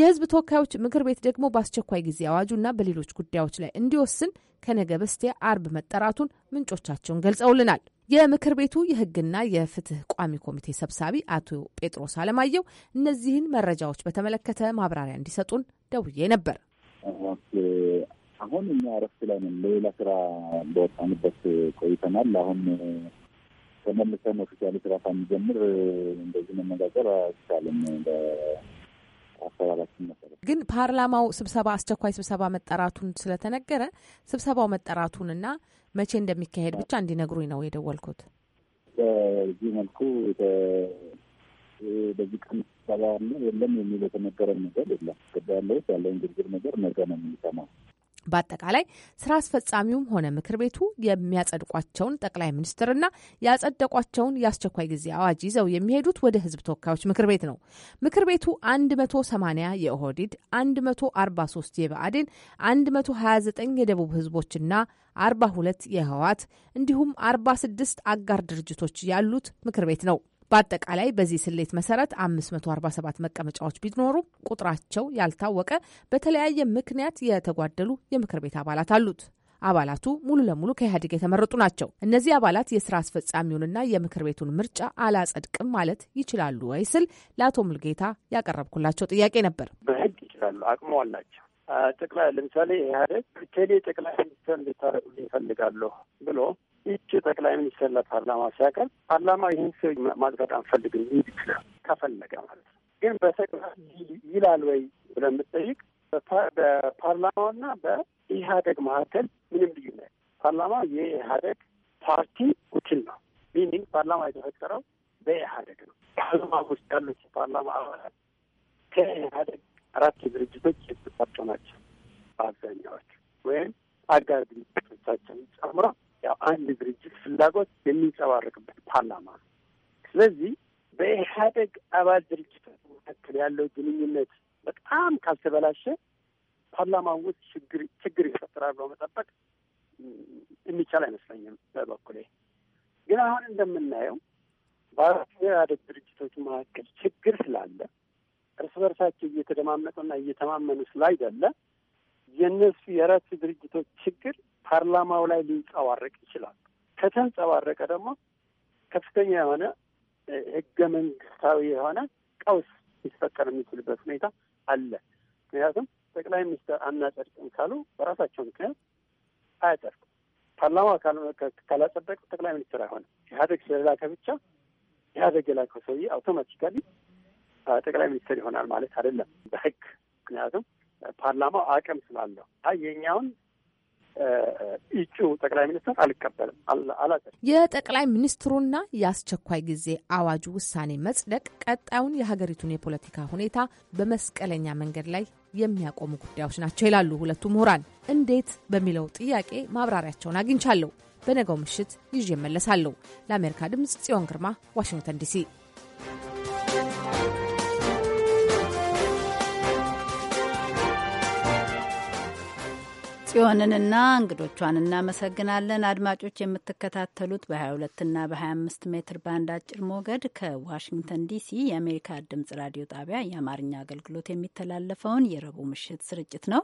የህዝብ ተወካዮች ምክር ቤት ደግሞ በአስቸኳይ ጊዜ አዋጁና በሌሎች ጉዳዮች ላይ እንዲወስን ከነገ በስቲያ አርብ መጠራቱን ምንጮቻቸውን ገልጸውልናል። የምክር ቤቱ የህግና የፍትህ ቋሚ ኮሚቴ ሰብሳቢ አቶ ጴጥሮስ አለማየሁ እነዚህን መረጃዎች በተመለከተ ማብራሪያ እንዲሰጡን ደውዬ ነበር። አሁን እኛ እረፍት ላይ ነን። ለሌላ ስራ በወጣንበት ቆይተናል። አሁን ተመልሰን ኦፊሻሊ ስራ ሳንጀምር እንደዚህ መነጋገር አይቻልም። አሰራራችን መሰረት ግን ፓርላማው ስብሰባ አስቸኳይ ስብሰባ መጠራቱን ስለተነገረ ስብሰባው መጠራቱን እና መቼ እንደሚካሄድ ብቻ እንዲነግሩኝ ነው የደወልኩት። በዚህ መልኩ በዚህ ቀን ስብሰባ የለም የሚል የተነገረን ነገር የለም። ቅዳ ያለውስ ያለውን ዝርዝር ነገር ነገ ነው የሚሰማው። በአጠቃላይ ስራ አስፈጻሚውም ሆነ ምክር ቤቱ የሚያጸድቋቸውን ጠቅላይ ሚኒስትርና ያጸደቋቸውን የአስቸኳይ ጊዜ አዋጅ ይዘው የሚሄዱት ወደ ህዝብ ተወካዮች ምክር ቤት ነው። ምክር ቤቱ 180 የኦህዲድ፣ 143 የብአዴን፣ 129 የደቡብ ህዝቦችና 42 የህወሓት እንዲሁም 46 አጋር ድርጅቶች ያሉት ምክር ቤት ነው። በአጠቃላይ በዚህ ስሌት መሰረት 547 መቀመጫዎች ቢኖሩም ቁጥራቸው ያልታወቀ በተለያየ ምክንያት የተጓደሉ የምክር ቤት አባላት አሉት። አባላቱ ሙሉ ለሙሉ ከኢህአዴግ የተመረጡ ናቸው። እነዚህ አባላት የስራ አስፈጻሚውንና የምክር ቤቱን ምርጫ አላጸድቅም ማለት ይችላሉ ወይ ስል ለአቶ ሙልጌታ ያቀረብኩላቸው ጥያቄ ነበር። በህግ ይችላሉ፣ አቅሙ አላቸው። ጠቅላይ ለምሳሌ ኢህአዴግ ቴሌ ጠቅላይ ሚኒስትር እንድታደርጉልኝ ይፈልጋለሁ ብሎ ይቺ ጠቅላይ ሚኒስትር ለፓርላማ ሲያቀርብ ፓርላማ ይህን ሰው ማጽደቅ አንፈልግም ይል ይችላል ከፈለገ ማለት ነው። ግን በጠቅላይ ይላል ወይ ብለን የምጠይቅ በፓርላማና በኢህአደግ መካከል ምንም ልዩነት ፓርላማ የኢህአደግ ፓርቲ ውኪል ነው። ሚኒንግ ፓርላማ የተፈጠረው በኢህአደግ ነው። ከህዝማ ውስጥ ያሉት የፓርላማ አባላት ከኢህአደግ አራት ድርጅቶች የተሰጣቸው ናቸው። በአብዛኛዎች ወይም አጋር ድርጅቶቻቸውን ጨምሮ ያው አንድ ድርጅት ፍላጎት የሚንጸባረቅበት ፓርላማ። ስለዚህ በኢህአደግ አባል ድርጅቶች መካከል ያለው ግንኙነት በጣም ካልተበላሸ ፓርላማ ውስጥ ችግር ችግር ይፈጠራል ብሎ መጠበቅ የሚቻል አይመስለኝም። በበኩሌ ግን አሁን እንደምናየው በአራቱ የኢህአደግ ድርጅቶች መካከል ችግር ስላለ እርስ በርሳቸው እየተደማመጡና እየተማመኑ ስላይደለ የእነሱ የአራት ድርጅቶች ችግር ፓርላማው ላይ ሊንጸባረቅ ይችላል። ከተንጸባረቀ ደግሞ ከፍተኛ የሆነ ህገ መንግስታዊ የሆነ ቀውስ ሊፈጠር የሚችልበት ሁኔታ አለ። ምክንያቱም ጠቅላይ ሚኒስትር አናጸድቅም ካሉ በራሳቸው ምክንያት አያጸድቁ ፓርላማ ካላጸደቀ ጠቅላይ ሚኒስትር አይሆንም። ኢህአደግ ስለላከ ብቻ ኢህአደግ የላከው ሰውዬ አውቶማቲካሊ ጠቅላይ ሚኒስትር ይሆናል ማለት አይደለም በህግ ምክንያቱም ፓርላማው አቅም ስላለው አይ የኛውን እጩ ጠቅላይ ሚኒስትር አልቀበልም አላቀ የጠቅላይ ሚኒስትሩና የአስቸኳይ ጊዜ አዋጁ ውሳኔ መጽደቅ ቀጣዩን የሀገሪቱን የፖለቲካ ሁኔታ በመስቀለኛ መንገድ ላይ የሚያቆሙ ጉዳዮች ናቸው ይላሉ ሁለቱ ምሁራን። እንዴት በሚለው ጥያቄ ማብራሪያቸውን አግኝቻለሁ። በነገው ምሽት ይዤ እመለሳለሁ። ለአሜሪካ ድምፅ ጽዮን ግርማ ዋሽንግተን ዲሲ። ጽዮንንና እንግዶቿን እናመሰግናለን። አድማጮች የምትከታተሉት በ22 እና በ25 ሜትር ባንድ አጭር ሞገድ ከዋሽንግተን ዲሲ የአሜሪካ ድምጽ ራዲዮ ጣቢያ የአማርኛ አገልግሎት የሚተላለፈውን የረቡዕ ምሽት ስርጭት ነው።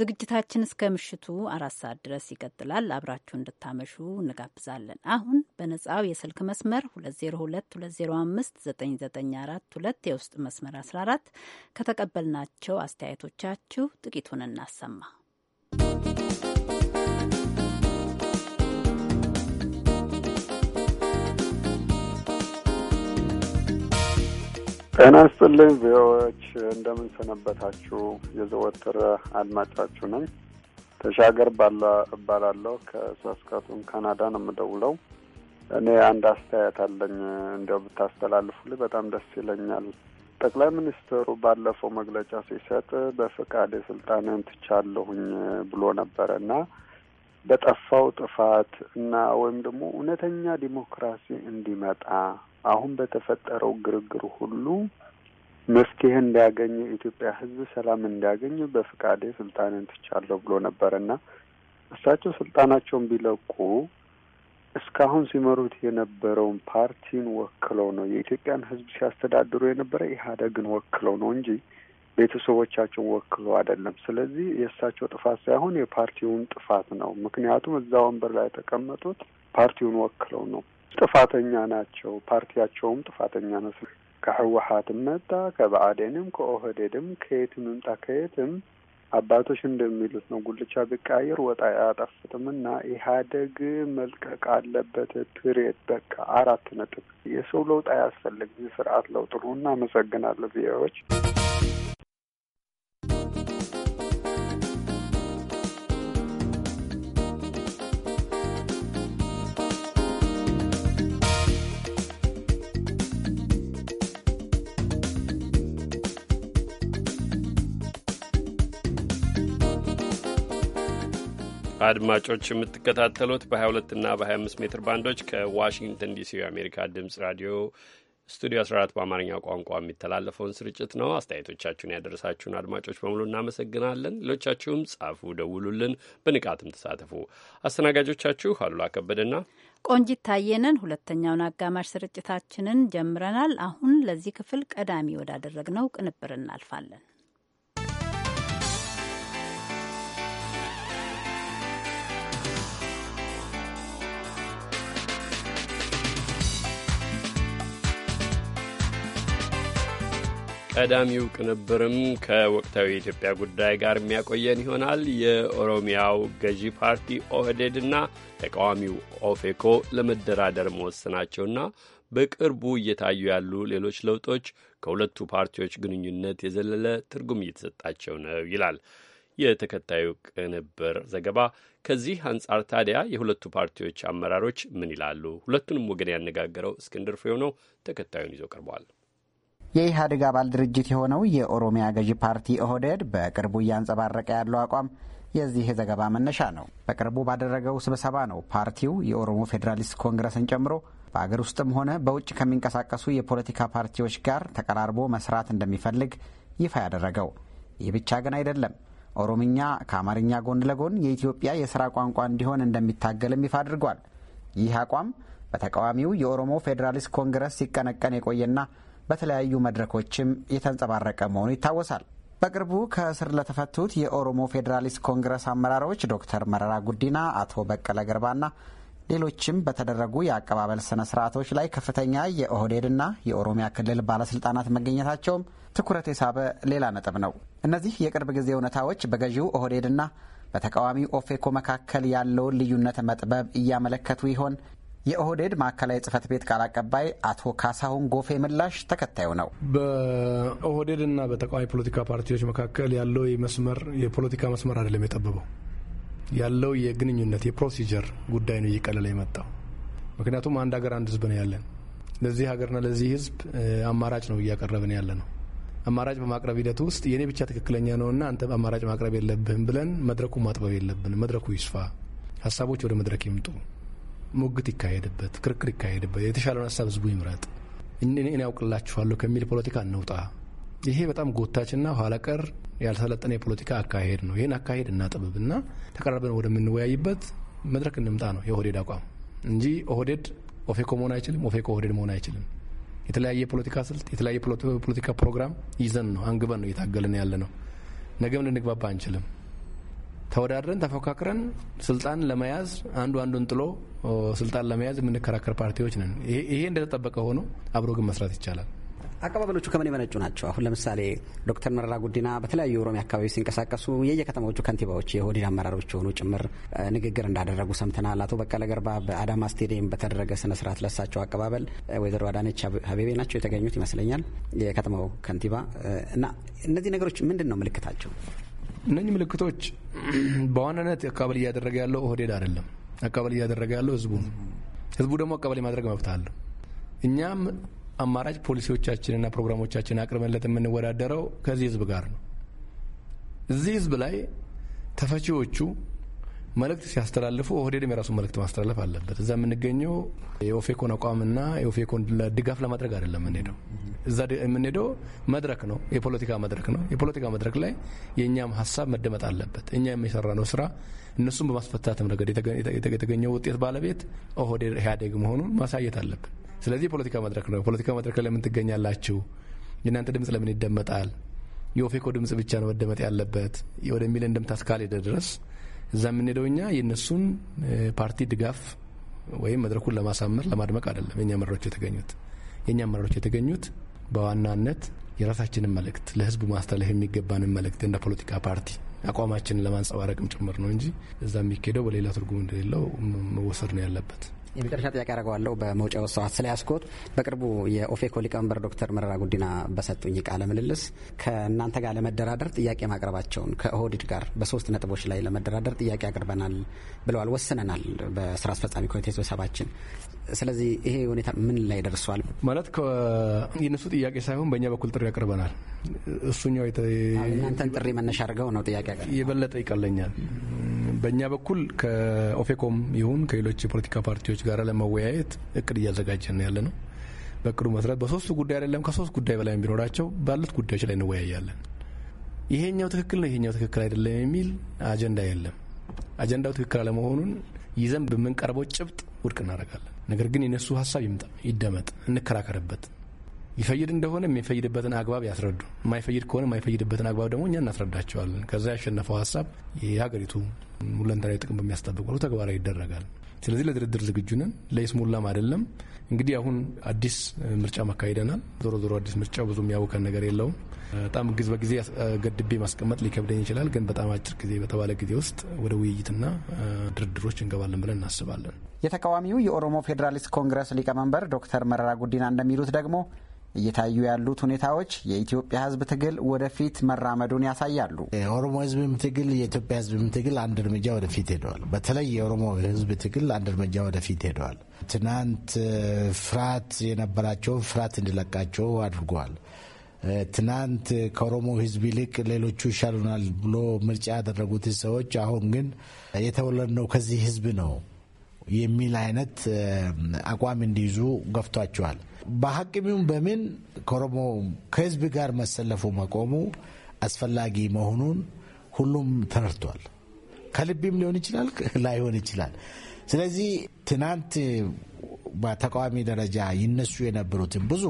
ዝግጅታችን እስከ ምሽቱ አራት ሰዓት ድረስ ይቀጥላል። አብራችሁ እንድታመሹ እንጋብዛለን። አሁን በነጻው የስልክ መስመር 2022059942 የውስጥ መስመር 14 ከተቀበልናቸው አስተያየቶቻችሁ ጥቂቱን እናሰማ። ጤና ይስጥልኝ ቪኦኤዎች፣ እንደምን ሰነበታችሁ? የዘወትር አድማጫችሁ ነኝ። ተሻገር ባላ እባላለሁ። ከሳስካቱን ካናዳ ነው የምደውለው። እኔ አንድ አስተያየት አለኝ፣ እንዲያው ብታስተላልፉልኝ በጣም ደስ ይለኛል። ጠቅላይ ሚኒስትሩ ባለፈው መግለጫ ሲሰጥ በፍቃድ ስልጣንን ትቻለሁኝ ብሎ ነበረ እና በጠፋው ጥፋት እና ወይም ደግሞ እውነተኛ ዲሞክራሲ እንዲመጣ አሁን በተፈጠረው ግርግር ሁሉ መፍትሄ እንዲያገኝ የኢትዮጵያ ሕዝብ ሰላም እንዲያገኝ በፍቃዴ ስልጣንን ትቻለሁ ብሎ ነበረና እሳቸው ስልጣናቸውን ቢለቁ እስካሁን ሲመሩት የነበረውን ፓርቲን ወክለው ነው የኢትዮጵያን ሕዝብ ሲያስተዳድሩ የነበረ ኢህአዴግን ወክለው ነው እንጂ ቤተሰቦቻቸውን ወክለው አይደለም። ስለዚህ የእሳቸው ጥፋት ሳይሆን የፓርቲውን ጥፋት ነው። ምክንያቱም እዛ ወንበር ላይ የተቀመጡት ፓርቲውን ወክለው ነው። ጥፋተኛ ናቸው። ፓርቲያቸውም ጥፋተኛ ነው። ከህወሀትም መጣ፣ ከብአዴንም፣ ከኦህዴድም ከየትም ምምጣ ከየትም አባቶች እንደሚሉት ነው ጉልቻ ቢቃየር ወጣ አያጣፍጥም እና ኢህአደግ መልቀቅ አለበት። ፕሬት በቃ አራት ነጥብ። የሰው ለውጥ አያስፈልግም፣ የስርዓት ለውጥ ነው። አመሰግናለሁ ቪዎች አድማጮች የምትከታተሉት በ22 እና በ25 ሜትር ባንዶች ከዋሽንግተን ዲሲ የአሜሪካ ድምፅ ራዲዮ ስቱዲዮ 14 በአማርኛ ቋንቋ የሚተላለፈውን ስርጭት ነው። አስተያየቶቻችሁን ያደረሳችሁን አድማጮች በሙሉ እናመሰግናለን። ሌሎቻችሁም ጻፉ፣ ደውሉልን፣ በንቃትም ተሳተፉ። አስተናጋጆቻችሁ አሉላ ከበደና ቆንጂት ታየነን። ሁለተኛውን አጋማሽ ስርጭታችንን ጀምረናል። አሁን ለዚህ ክፍል ቀዳሚ ወዳደረግነው ቅንብር እናልፋለን። ቀዳሚው ቅንብርም ከወቅታዊ የኢትዮጵያ ጉዳይ ጋር የሚያቆየን ይሆናል። የኦሮሚያው ገዢ ፓርቲ ኦህዴድና ተቃዋሚው ኦፌኮ ለመደራደር መወሰናቸውና በቅርቡ እየታዩ ያሉ ሌሎች ለውጦች ከሁለቱ ፓርቲዎች ግንኙነት የዘለለ ትርጉም እየተሰጣቸው ነው ይላል የተከታዩ ቅንብር ዘገባ። ከዚህ አንጻር ታዲያ የሁለቱ ፓርቲዎች አመራሮች ምን ይላሉ? ሁለቱንም ወገን ያነጋገረው እስክንድር ፍሬው ነው። ተከታዩን ይዞ ቀርቧል። የኢህአዴግ አባል ድርጅት የሆነው የኦሮሚያ ገዢ ፓርቲ ኦህዴድ በቅርቡ እያንጸባረቀ ያለው አቋም የዚህ ዘገባ መነሻ ነው። በቅርቡ ባደረገው ስብሰባ ነው ፓርቲው የኦሮሞ ፌዴራሊስት ኮንግረስን ጨምሮ በአገር ውስጥም ሆነ በውጭ ከሚንቀሳቀሱ የፖለቲካ ፓርቲዎች ጋር ተቀራርቦ መስራት እንደሚፈልግ ይፋ ያደረገው። ይህ ብቻ ግን አይደለም። ኦሮምኛ ከአማርኛ ጎን ለጎን የኢትዮጵያ የሥራ ቋንቋ እንዲሆን እንደሚታገልም ይፋ አድርጓል። ይህ አቋም በተቃዋሚው የኦሮሞ ፌዴራሊስት ኮንግረስ ሲቀነቀን የቆየና በተለያዩ መድረኮችም የተንጸባረቀ መሆኑ ይታወሳል። በቅርቡ ከእስር ለተፈቱት የኦሮሞ ፌዴራሊስት ኮንግረስ አመራሮች ዶክተር መረራ ጉዲና፣ አቶ በቀለ ገርባና ሌሎችም በተደረጉ የአቀባበል ስነ ስርዓቶች ላይ ከፍተኛ የኦህዴድና የኦሮሚያ ክልል ባለስልጣናት መገኘታቸውም ትኩረት የሳበ ሌላ ነጥብ ነው። እነዚህ የቅርብ ጊዜ እውነታዎች በገዢው ኦህዴድና በተቃዋሚው ኦፌኮ መካከል ያለውን ልዩነት መጥበብ እያመለከቱ ይሆን? የኦህዴድ ማዕከላዊ ጽህፈት ቤት ቃል አቀባይ አቶ ካሳሁን ጎፌ ምላሽ ተከታዩ ነው። በኦህዴድ እና በተቃዋሚ ፖለቲካ ፓርቲዎች መካከል ያለው መስመር የፖለቲካ መስመር አይደለም የጠበበው ያለው የግንኙነት የፕሮሲጀር ጉዳይ ነው እየቀለለ የመጣው። ምክንያቱም አንድ ሀገር አንድ ህዝብ ነው ያለን። ለዚህ ሀገርና ለዚህ ህዝብ አማራጭ ነው እያቀረብን ያለ ነው። አማራጭ በማቅረብ ሂደት ውስጥ የእኔ ብቻ ትክክለኛ ነውና አንተ አማራጭ ማቅረብ የለብህም ብለን መድረኩ ማጥበብ የለብን። መድረኩ ይስፋ፣ ሀሳቦች ወደ መድረክ ይምጡ። ሙግት ይካሄድበት፣ ክርክር ይካሄድበት፣ የተሻለውን ሀሳብ ህዝቡ ይምረጥ፣ እኔ ያውቅላችኋለሁ ከሚል ፖለቲካ እንውጣ። ይሄ በጣም ጎታችና ኋላቀር ያልሰለጠነ የፖለቲካ አካሄድ ነው። ይህን አካሄድ እናጥብብና ተቀራርበን ወደምንወያይበት መድረክ እንምጣ ነው የኦህዴድ አቋም እንጂ ኦህዴድ ኦፌኮ መሆን አይችልም፣ ኦፌኮ ኦህዴድ መሆን አይችልም። የተለያየ ፖለቲካ ስልት፣ የተለያየ ፖለቲካ ፕሮግራም ይዘን ነው አንግበን ነው እየታገልን ያለ ነው። ነገም ልንግባባ አንችልም። ተወዳድረን ተፎካክረን ስልጣን ለመያዝ አንዱ አንዱን ጥሎ ስልጣን ለመያዝ የምንከራከር ፓርቲዎች ነን። ይሄ እንደተጠበቀ ሆኖ አብሮ ግን መስራት ይቻላል። አቀባበሎቹ ከምን የመነጩ ናቸው? አሁን ለምሳሌ ዶክተር መረራ ጉዲና በተለያዩ ኦሮሚያ አካባቢዎች ሲንቀሳቀሱ የየከተማዎቹ ከንቲባዎች የኦህዴድ አመራሮች የሆኑ ጭምር ንግግር እንዳደረጉ ሰምተናል። አቶ በቀለ ገርባ በአዳማ ስቴዲየም በተደረገ ስነስርዓት ለሳቸው አቀባበል ወይዘሮ አዳነች አቤቤ ናቸው የተገኙት ይመስለኛል፣ የከተማው ከንቲባ እና እነዚህ ነገሮች ምንድን ነው ምልክታቸው? እነኚህ ምልክቶች በዋናነት አቀባበል እያደረገ ያለው ኦህዴድ አይደለም። አቀባበል እያደረገ ያለው ህዝቡ ነው። ህዝቡ ደግሞ አቀባበል ማድረግ መብት አለው። እኛም አማራጭ ፖሊሲዎቻችንና ፕሮግራሞቻችን አቅርበንለት የምንወዳደረው ከዚህ ህዝብ ጋር ነው። እዚህ ህዝብ ላይ ተፈቺዎቹ መልእክት ሲያስተላልፉ ኦህዴድም የራሱን መልእክት ማስተላለፍ አለበት። እዛ የምንገኘው የኦፌኮን አቋምና የኦፌኮን ድጋፍ ለማድረግ አይደለም የምንሄደው። እዛ የምንሄደው መድረክ ነው፣ የፖለቲካ መድረክ ነው። የፖለቲካ መድረክ ላይ የእኛም ሀሳብ መደመጥ አለበት። እኛ የሚሰራ ነው ስራ እነሱን በማስፈታትም ረገድ የተገኘው ውጤት ባለቤት ኦህዴድ ኢህአዴግ መሆኑን ማሳየት አለብን። ስለዚህ የፖለቲካ መድረክ ነው። የፖለቲካ መድረክ ላይ ለምን ትገኛላችሁ? የእናንተ ድምፅ ለምን ይደመጣል? የኦፌኮ ድምፅ ብቻ ነው መደመጥ ያለበት ወደሚል እንደምታስካል ድረስ እዛ የምንሄደው እኛ የእነሱን ፓርቲ ድጋፍ ወይም መድረኩን ለማሳመር ለማድመቅ አይደለም። የኛ መራሮች የተገኙት የእኛ መራሮች የተገኙት በዋናነት የራሳችንን መልእክት ለህዝቡ ማስተላለፍ የሚገባንን መልእክት እንደ ፖለቲካ ፓርቲ አቋማችንን ለማንጸባረቅም ጭምር ነው እንጂ እዛ የሚካሄደው በሌላ ትርጉም እንደሌለው መወሰድ ነው ያለበት። የመጨረሻ ጥያቄ አደርገዋለሁ። በመውጫው ሰዓት ስለያስኮት በቅርቡ የኦፌኮ ሊቀመንበር ዶክተር መረራ ጉዲና በሰጡኝ ቃለ ምልልስ ከእናንተ ጋር ለመደራደር ጥያቄ ማቅረባቸውን ከኦህዴድ ጋር በሶስት ነጥቦች ላይ ለመደራደር ጥያቄ አቅርበናል ብለዋል። ወስነናል በስራ አስፈጻሚ ኮሚቴ ስብሰባችን ስለዚህ ይሄ ሁኔታ ምን ላይ ደርሷል ማለት የነሱ ጥያቄ ሳይሆን በእኛ በኩል ጥሪ ያቀርበናል። እሱኛው እናንተን ጥሪ መነሻ አድርገው ነው ጥያቄ የበለጠ ይቀለኛል። በእኛ በኩል ከኦፌኮም ይሁን ከሌሎች የፖለቲካ ፓርቲዎች ጋር ለመወያየት እቅድ እያዘጋጀን ነው ያለ ነው። በእቅዱ መሰረት በሶስቱ ጉዳይ አይደለም ከሶስት ጉዳይ በላይ ቢኖራቸው ባሉት ጉዳዮች ላይ እንወያያለን። ይሄኛው ትክክል ነው፣ ይሄኛው ትክክል አይደለም የሚል አጀንዳ የለም። አጀንዳው ትክክል አለመሆኑን ይዘን በምንቀርበው ጭብጥ ውድቅ እናደርጋለን። ነገር ግን የነሱ ሀሳብ ይምጣ፣ ይደመጥ፣ እንከራከርበት ይፈይድ እንደሆነ የሚፈይድበትን አግባብ ያስረዱ፣ የማይፈይድ ከሆነ የማይፈይድበትን አግባብ ደግሞ እኛ እናስረዳቸዋለን። ከዛ ያሸነፈው ሀሳብ የሀገሪቱ ሁለንተናዊ ጥቅም በሚያስጠብቅ መልኩ ተግባራዊ ይደረጋል። ስለዚህ ለድርድር ዝግጁ ነን። ለይስሙላም አይደለም። እንግዲህ አሁን አዲስ ምርጫ መካሄደናል። ዞሮ ዞሮ አዲስ ምርጫ ብዙ የሚያውቀን ነገር የለውም። በጣም ግዝ በጊዜ ገድቤ ማስቀመጥ ሊከብደኝ ይችላል፣ ግን በጣም አጭር ጊዜ በተባለ ጊዜ ውስጥ ወደ ውይይትና ድርድሮች እንገባለን ብለን እናስባለን። የተቃዋሚው የኦሮሞ ፌዴራሊስት ኮንግረስ ሊቀመንበር ዶክተር መረራ ጉዲና እንደሚሉት ደግሞ እየታዩ ያሉት ሁኔታዎች የኢትዮጵያ ሕዝብ ትግል ወደፊት መራመዱን ያሳያሉ። የኦሮሞ ሕዝብም ትግል የኢትዮጵያ ሕዝብም ትግል አንድ እርምጃ ወደፊት ሄደዋል። በተለይ የኦሮሞ ሕዝብ ትግል አንድ እርምጃ ወደፊት ሄደዋል። ትናንት ፍርሃት የነበራቸውን ፍርሃት እንዲለቃቸው አድርጓል። ትናንት ከኦሮሞ ህዝብ ይልቅ ሌሎቹ ይሻሉናል ብሎ ምርጫ ያደረጉት ሰዎች አሁን ግን የተወለድነው ከዚህ ህዝብ ነው የሚል አይነት አቋም እንዲይዙ ገፍቷቸዋል። በሀቅሚውም በምን ከኦሮሞ ከህዝብ ጋር መሰለፉ መቆሙ አስፈላጊ መሆኑን ሁሉም ተረድቷል። ከልቢም ሊሆን ይችላል፣ ላይሆን ይችላል። ስለዚህ ትናንት በተቃዋሚ ደረጃ ይነሱ የነበሩትን ብዙ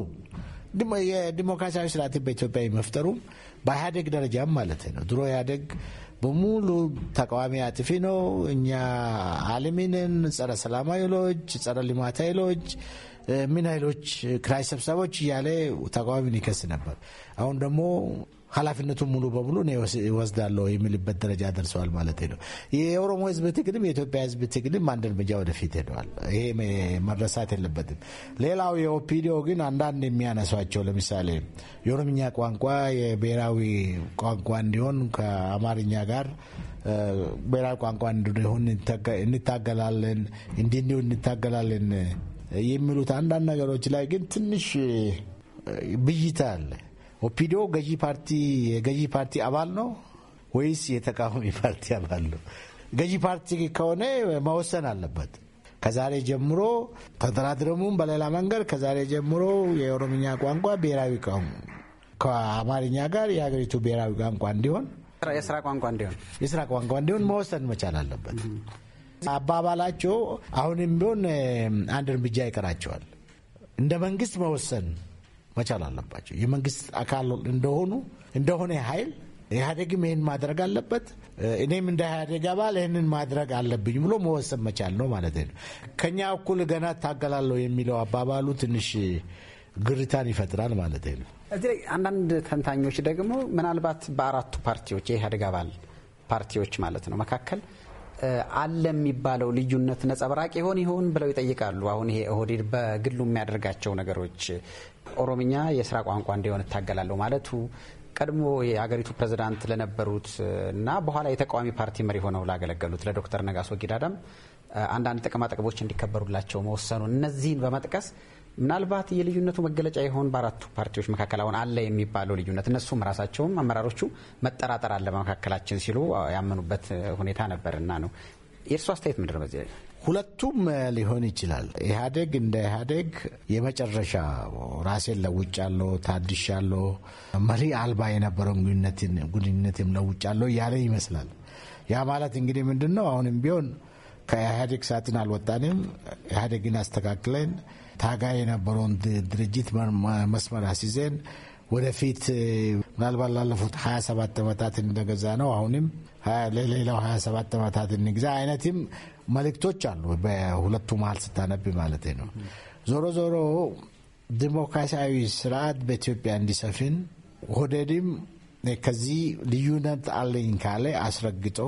የዲሞክራሲያዊ ስርዓትን በኢትዮጵያ የመፍጠሩም በኢህአዴግ ደረጃም ማለት ነው ድሮ ኢህአዴግ በሙሉ ተቃዋሚ አጥፊ ነው። እኛ አልሚንን ጸረ ሰላም ኃይሎች፣ ጸረ ልማት ኃይሎች ምን ኃይሎች ክራይ ሰብሳቦች እያለ ተቃዋሚን ይከስ ነበር። አሁን ደግሞ ኃላፊነቱን ሙሉ በሙሉ እኔ ወስዳለሁ የሚልበት ደረጃ ደርሰዋል ማለት ነው። የኦሮሞ ህዝብ ትግልም የኢትዮጵያ ህዝብ ትግልም አንድ እርምጃ ወደፊት ሄደዋል። ይሄ መረሳት የለበትም። ሌላው የኦፒዲዮ ግን አንዳንድ የሚያነሷቸው ለምሳሌ የኦሮምኛ ቋንቋ የብሔራዊ ቋንቋ እንዲሆን ከአማርኛ ጋር ብሔራዊ ቋንቋ እንዲሆን እንታገላለን እንዲንዲሁ እንታገላለን የሚሉት አንዳንድ ነገሮች ላይ ግን ትንሽ ብይታ አለ። ኦፒዲዮ ገዢ ፓርቲ የገዢ ፓርቲ አባል ነው ወይስ የተቃዋሚ ፓርቲ አባል ነው? ገዢ ፓርቲ ከሆነ መወሰን አለበት። ከዛሬ ጀምሮ ተደራድረሙም በሌላ መንገድ ከዛሬ ጀምሮ የኦሮምኛ ቋንቋ ብሔራዊ ቋንቋ ከአማርኛ ጋር የሀገሪቱ ብሔራዊ ቋንቋ እንዲሆን የስራ ቋንቋ እንዲሆን የስራ ቋንቋ እንዲሆን መወሰን መቻል አለበት። አባባላቸው አሁንም ቢሆን አንድ እርምጃ ይቀራቸዋል። እንደ መንግስት መወሰን መቻል አለባቸው። የመንግስት አካል እንደሆኑ እንደሆነ ኃይል ኢህአዴግም ይህን ማድረግ አለበት፣ እኔም እንደ ኢህአዴግ አባል ይህንን ማድረግ አለብኝ ብሎ መወሰን መቻል ነው ማለት ነው። ከኛ እኩል ገና እታገላለሁ የሚለው አባባሉ ትንሽ ግርታን ይፈጥራል ማለት ነው። እዚህ ላይ አንዳንድ ተንታኞች ደግሞ ምናልባት በአራቱ ፓርቲዎች የኢህአዴግ አባል ፓርቲዎች ማለት ነው መካከል አለ የሚባለው ልዩነት ነጸብራቅ ይሆን ይሆን ብለው ይጠይቃሉ። አሁን ይሄ ኦህዴድ በግሉ የሚያደርጋቸው ነገሮች ኦሮምኛ የስራ ቋንቋ እንዲሆን እታገላለሁ ማለቱ ቀድሞ የሀገሪቱ ፕሬዚዳንት ለነበሩት እና በኋላ የተቃዋሚ ፓርቲ መሪ ሆነው ላገለገሉት ለዶክተር ነጋሶ ጊዳዳም አንዳንድ ጥቅማጥቅቦች እንዲከበሩላቸው መወሰኑ እነዚህን በመጥቀስ ምናልባት የልዩነቱ መገለጫ የሆን በአራቱ ፓርቲዎች መካከል አሁን አለ የሚባለው ልዩነት እነሱም ራሳቸውም አመራሮቹ መጠራጠር አለ በመካከላችን ሲሉ ያመኑበት ሁኔታ ነበርና ነው። የእርሱ አስተያየት ምንድን ነው በዚህ ላይ? ሁለቱም ሊሆን ይችላል። ኢህአዴግ እንደ ኢህአዴግ የመጨረሻ ራሴን ለውጫለሁ፣ ታድሻለሁ፣ መሪ አልባ የነበረውን ግንኙነትም ለውጫለሁ እያለ ይመስላል። ያ ማለት እንግዲህ ምንድን ነው? አሁንም ቢሆን ከኢህአዴግ ሳጥን አልወጣንም። ኢህአዴግን አስተካክለን ታጋይ የነበረውን ድርጅት መስመር አስይዘን ወደፊት ምናልባት ላለፉት 27 ዓመታት እንደገዛ ነው አሁንም ለሌላው 27 ዓመታት እንግዛ አይነትም መልእክቶች አሉ። በሁለቱ መሀል ስታነብ ማለት ነው። ዞሮ ዞሮ ዲሞክራሲያዊ ስርዓት በኢትዮጵያ እንዲሰፍን ኦህዴድም ከዚህ ልዩነት አለኝ ካለ አስረግጦ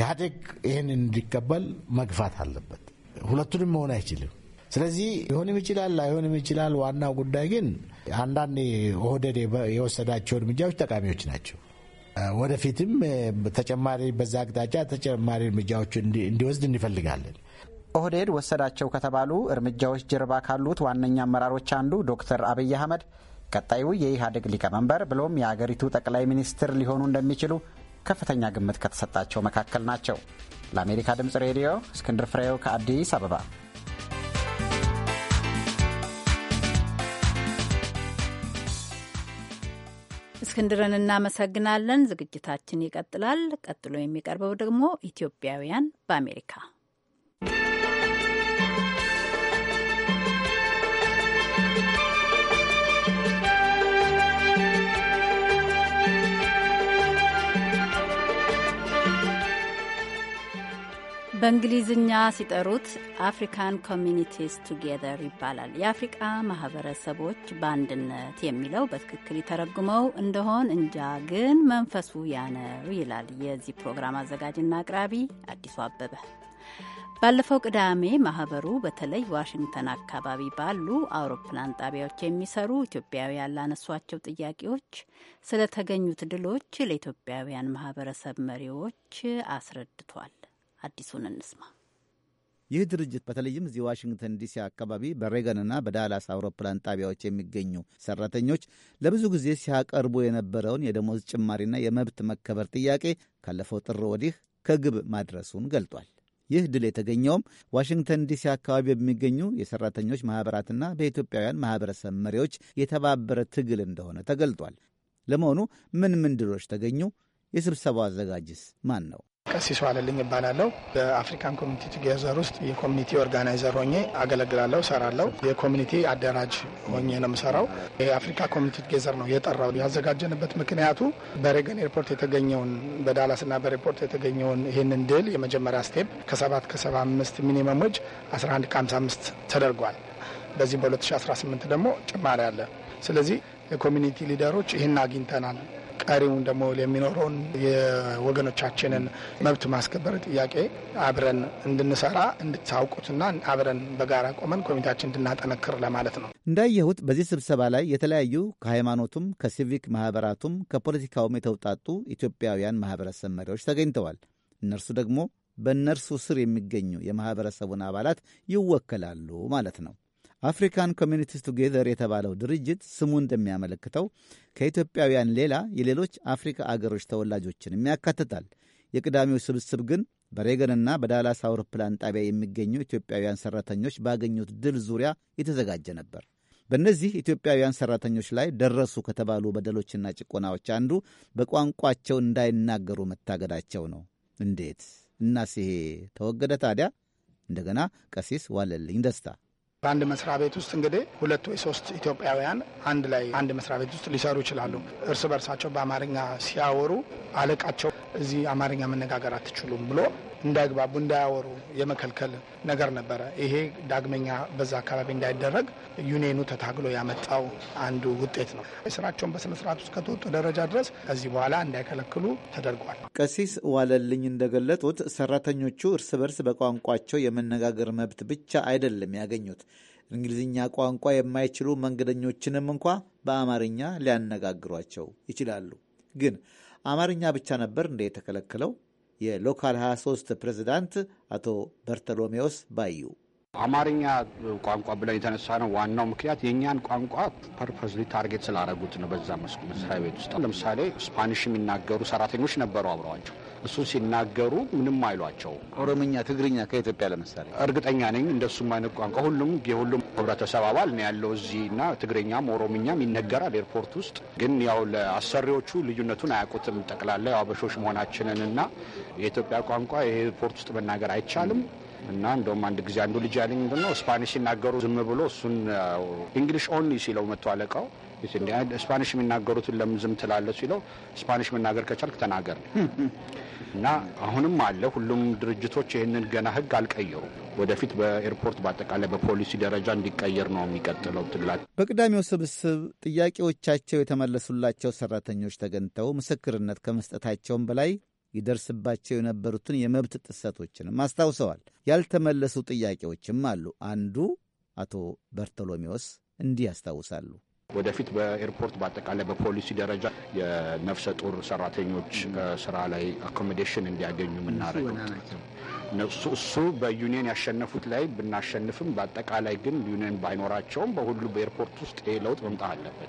ኢህአዴግ ይህን እንዲቀበል መግፋት አለበት። ሁለቱንም መሆን አይችልም። ስለዚህ ሊሆንም ይችላል ላይሆንም ይችላል። ዋናው ጉዳይ ግን አንዳንድ ኦህዴድ የወሰዳቸው እርምጃዎች ጠቃሚዎች ናቸው። ወደፊትም ተጨማሪ በዛ አቅጣጫ ተጨማሪ እርምጃዎች እንዲወስድ እንፈልጋለን። ኦህዴድ ወሰዳቸው ከተባሉ እርምጃዎች ጀርባ ካሉት ዋነኛ አመራሮች አንዱ ዶክተር አብይ አህመድ ቀጣዩ የኢህአዴግ ሊቀመንበር ብሎም የአገሪቱ ጠቅላይ ሚኒስትር ሊሆኑ እንደሚችሉ ከፍተኛ ግምት ከተሰጣቸው መካከል ናቸው። ለአሜሪካ ድምፅ ሬዲዮ እስክንድር ፍሬው ከአዲስ አበባ እስክንድርን እናመሰግናለን። ዝግጅታችን ይቀጥላል። ቀጥሎ የሚቀርበው ደግሞ ኢትዮጵያውያን በአሜሪካ በእንግሊዝኛ ሲጠሩት አፍሪካን ኮሚኒቲስ ቱጌዘር ይባላል። የአፍሪቃ ማህበረሰቦች በአንድነት የሚለው በትክክል ይተረጉመው እንደሆን እንጃ፣ ግን መንፈሱ ያነው ይላል የዚህ ፕሮግራም አዘጋጅና አቅራቢ አዲሱ አበበ። ባለፈው ቅዳሜ ማህበሩ በተለይ ዋሽንግተን አካባቢ ባሉ አውሮፕላን ጣቢያዎች የሚሰሩ ኢትዮጵያውያን ላነሷቸው ጥያቄዎች፣ ስለተገኙት ድሎች ለኢትዮጵያውያን ማህበረሰብ መሪዎች አስረድቷል። አዲሱን እንስማ። ይህ ድርጅት በተለይም እዚህ ዋሽንግተን ዲሲ አካባቢ በሬገንና በዳላስ አውሮፕላን ጣቢያዎች የሚገኙ ሰራተኞች ለብዙ ጊዜ ሲያቀርቡ የነበረውን የደሞዝ ጭማሪና የመብት መከበር ጥያቄ ካለፈው ጥር ወዲህ ከግብ ማድረሱን ገልጧል። ይህ ድል የተገኘውም ዋሽንግተን ዲሲ አካባቢ በሚገኙ የሰራተኞች ማኅበራትና በኢትዮጵያውያን ማኅበረሰብ መሪዎች የተባበረ ትግል እንደሆነ ተገልጧል። ለመሆኑ ምን ምን ድሎች ተገኙ? የስብሰባው አዘጋጅስ ማን ነው? ቀሲስ ዋለልኝ ይባላለሁ። በአፍሪካን ኮሚኒቲ ቱጌዘር ውስጥ የኮሚኒቲ ኦርጋናይዘር ሆኜ አገለግላለሁ፣ ሰራለሁ። የኮሚኒቲ አደራጅ ሆኜ ነው የምሰራው። የአፍሪካ ኮሚኒቲ ቱጌዘር ነው የጠራው። ያዘጋጀንበት ምክንያቱ በሬገን ኤርፖርት የተገኘውን በዳላስና በሬፖርት የተገኘውን ይህንን ድል የመጀመሪያ ስቴፕ ከሰባት ከሰባ አምስት ሚኒመም ወጪ 11 ከ55 ተደርጓል። በዚህ በ2018 ደግሞ ጭማሪ አለ። ስለዚህ የኮሚኒቲ ሊደሮች ይህን አግኝተናል ቀሪውን ደግሞ የሚኖረውን የወገኖቻችንን መብት ማስከበር ጥያቄ አብረን እንድንሰራ እንድታውቁትና አብረን በጋራ ቆመን ኮሚቴያችን እንድናጠነክር ለማለት ነው። እንዳየሁት በዚህ ስብሰባ ላይ የተለያዩ ከሃይማኖቱም፣ ከሲቪክ ማህበራቱም፣ ከፖለቲካውም የተውጣጡ ኢትዮጵያውያን ማህበረሰብ መሪዎች ተገኝተዋል። እነርሱ ደግሞ በእነርሱ ስር የሚገኙ የማህበረሰቡን አባላት ይወከላሉ ማለት ነው። አፍሪካን ኮሚኒቲስ ቱጌዘር የተባለው ድርጅት ስሙ እንደሚያመለክተው ከኢትዮጵያውያን ሌላ የሌሎች አፍሪካ አገሮች ተወላጆችንም ያካትታል። የቅዳሜው ስብስብ ግን በሬገንና በዳላስ አውሮፕላን ጣቢያ የሚገኙ ኢትዮጵያውያን ሠራተኞች ባገኙት ድል ዙሪያ የተዘጋጀ ነበር። በእነዚህ ኢትዮጵያውያን ሠራተኞች ላይ ደረሱ ከተባሉ በደሎችና ጭቆናዎች አንዱ በቋንቋቸው እንዳይናገሩ መታገዳቸው ነው። እንዴት እናስ ይሄ ተወገደ ታዲያ? እንደገና ቀሲስ ዋለልኝ ደስታ በአንድ መስሪያ ቤት ውስጥ እንግዲህ ሁለት ወይ ሶስት ኢትዮጵያውያን አንድ ላይ አንድ መስሪያ ቤት ውስጥ ሊሰሩ ይችላሉ። እርስ በርሳቸው በአማርኛ ሲያወሩ አለቃቸው እዚህ አማርኛ መነጋገር አትችሉም ብሎ እንዳይግባቡ እንዳያወሩ የመከልከል ነገር ነበረ። ይሄ ዳግመኛ በዛ አካባቢ እንዳይደረግ ዩኔኑ ተታግሎ ያመጣው አንዱ ውጤት ነው። ስራቸውን በስነስርዓት ውስጥ ከተወጡ ደረጃ ድረስ ከዚህ በኋላ እንዳይከለክሉ ተደርጓል። ቀሲስ ዋለልኝ እንደገለጡት ሰራተኞቹ እርስ በርስ በቋንቋቸው የመነጋገር መብት ብቻ አይደለም ያገኙት እንግሊዝኛ ቋንቋ የማይችሉ መንገደኞችንም እንኳ በአማርኛ ሊያነጋግሯቸው ይችላሉ ግን አማርኛ ብቻ ነበር እንደ የተከለከለው? የሎካል 23 ፕሬዚዳንት አቶ በርተሎሜዎስ ባዩ አማርኛ ቋንቋ ብለን የተነሳ ነው። ዋናው ምክንያት የእኛን ቋንቋ ፐርፐዝሊ ታርጌት ስላደረጉት ነው። በዛ መስሪያ ቤት ውስጥ ለምሳሌ ስፓኒሽ የሚናገሩ ሰራተኞች ነበሩ አብረዋቸው እሱ ሲናገሩ ምንም አይሏቸው። ኦሮምኛ፣ ትግርኛ ከኢትዮጵያ ለምሳሌ እርግጠኛ ነኝ እንደሱ አይነት ቋንቋ ሁሉም የሁሉም ህብረተሰብ አባል ነው ያለው እዚህ እና ትግርኛም ኦሮምኛም ይነገራል ኤርፖርት ውስጥ። ግን ያው ለአሰሪዎቹ ልዩነቱን አያውቁትም። ጠቅላላ አበሾች መሆናችንን እና የኢትዮጵያ ቋንቋ ኤርፖርት ውስጥ መናገር አይቻልም እና እንደውም አንድ ጊዜ አንዱ ልጅ ያለኝ ምንድነው ስፓኒሽ ሲናገሩ ዝም ብሎ እሱን እንግሊሽ ኦንሊ ሲለው መቶ አለቀው ስፓኒሽ የሚናገሩትን ለምን ዝም ትላለህ ሲለው ስፓኒሽ መናገር ከቻልክ ተናገር እና አሁንም አለ። ሁሉም ድርጅቶች ይህንን ገና ህግ አልቀየሩም። ወደፊት በኤርፖርት በአጠቃላይ በፖሊሲ ደረጃ እንዲቀየር ነው የሚቀጥለው ትግላቸው። በቅዳሜው ስብስብ ጥያቄዎቻቸው የተመለሱላቸው ሰራተኞች ተገኝተው ምስክርነት ከመስጠታቸውም በላይ ይደርስባቸው የነበሩትን የመብት ጥሰቶችንም አስታውሰዋል። ያልተመለሱ ጥያቄዎችም አሉ። አንዱ አቶ በርቶሎሜዎስ እንዲህ ያስታውሳሉ። ወደፊት በኤርፖርት በአጠቃላይ በፖሊሲ ደረጃ የነፍሰ ጡር ሰራተኞች ስራ ላይ አኮሞዴሽን እንዲያገኙ የምናደርገው እሱ በዩኒየን ያሸነፉት ላይ ብናሸንፍም በአጠቃላይ ግን ዩኒየን ባይኖራቸውም በሁሉ በኤርፖርት ውስጥ ለውጥ መምጣት አለበት።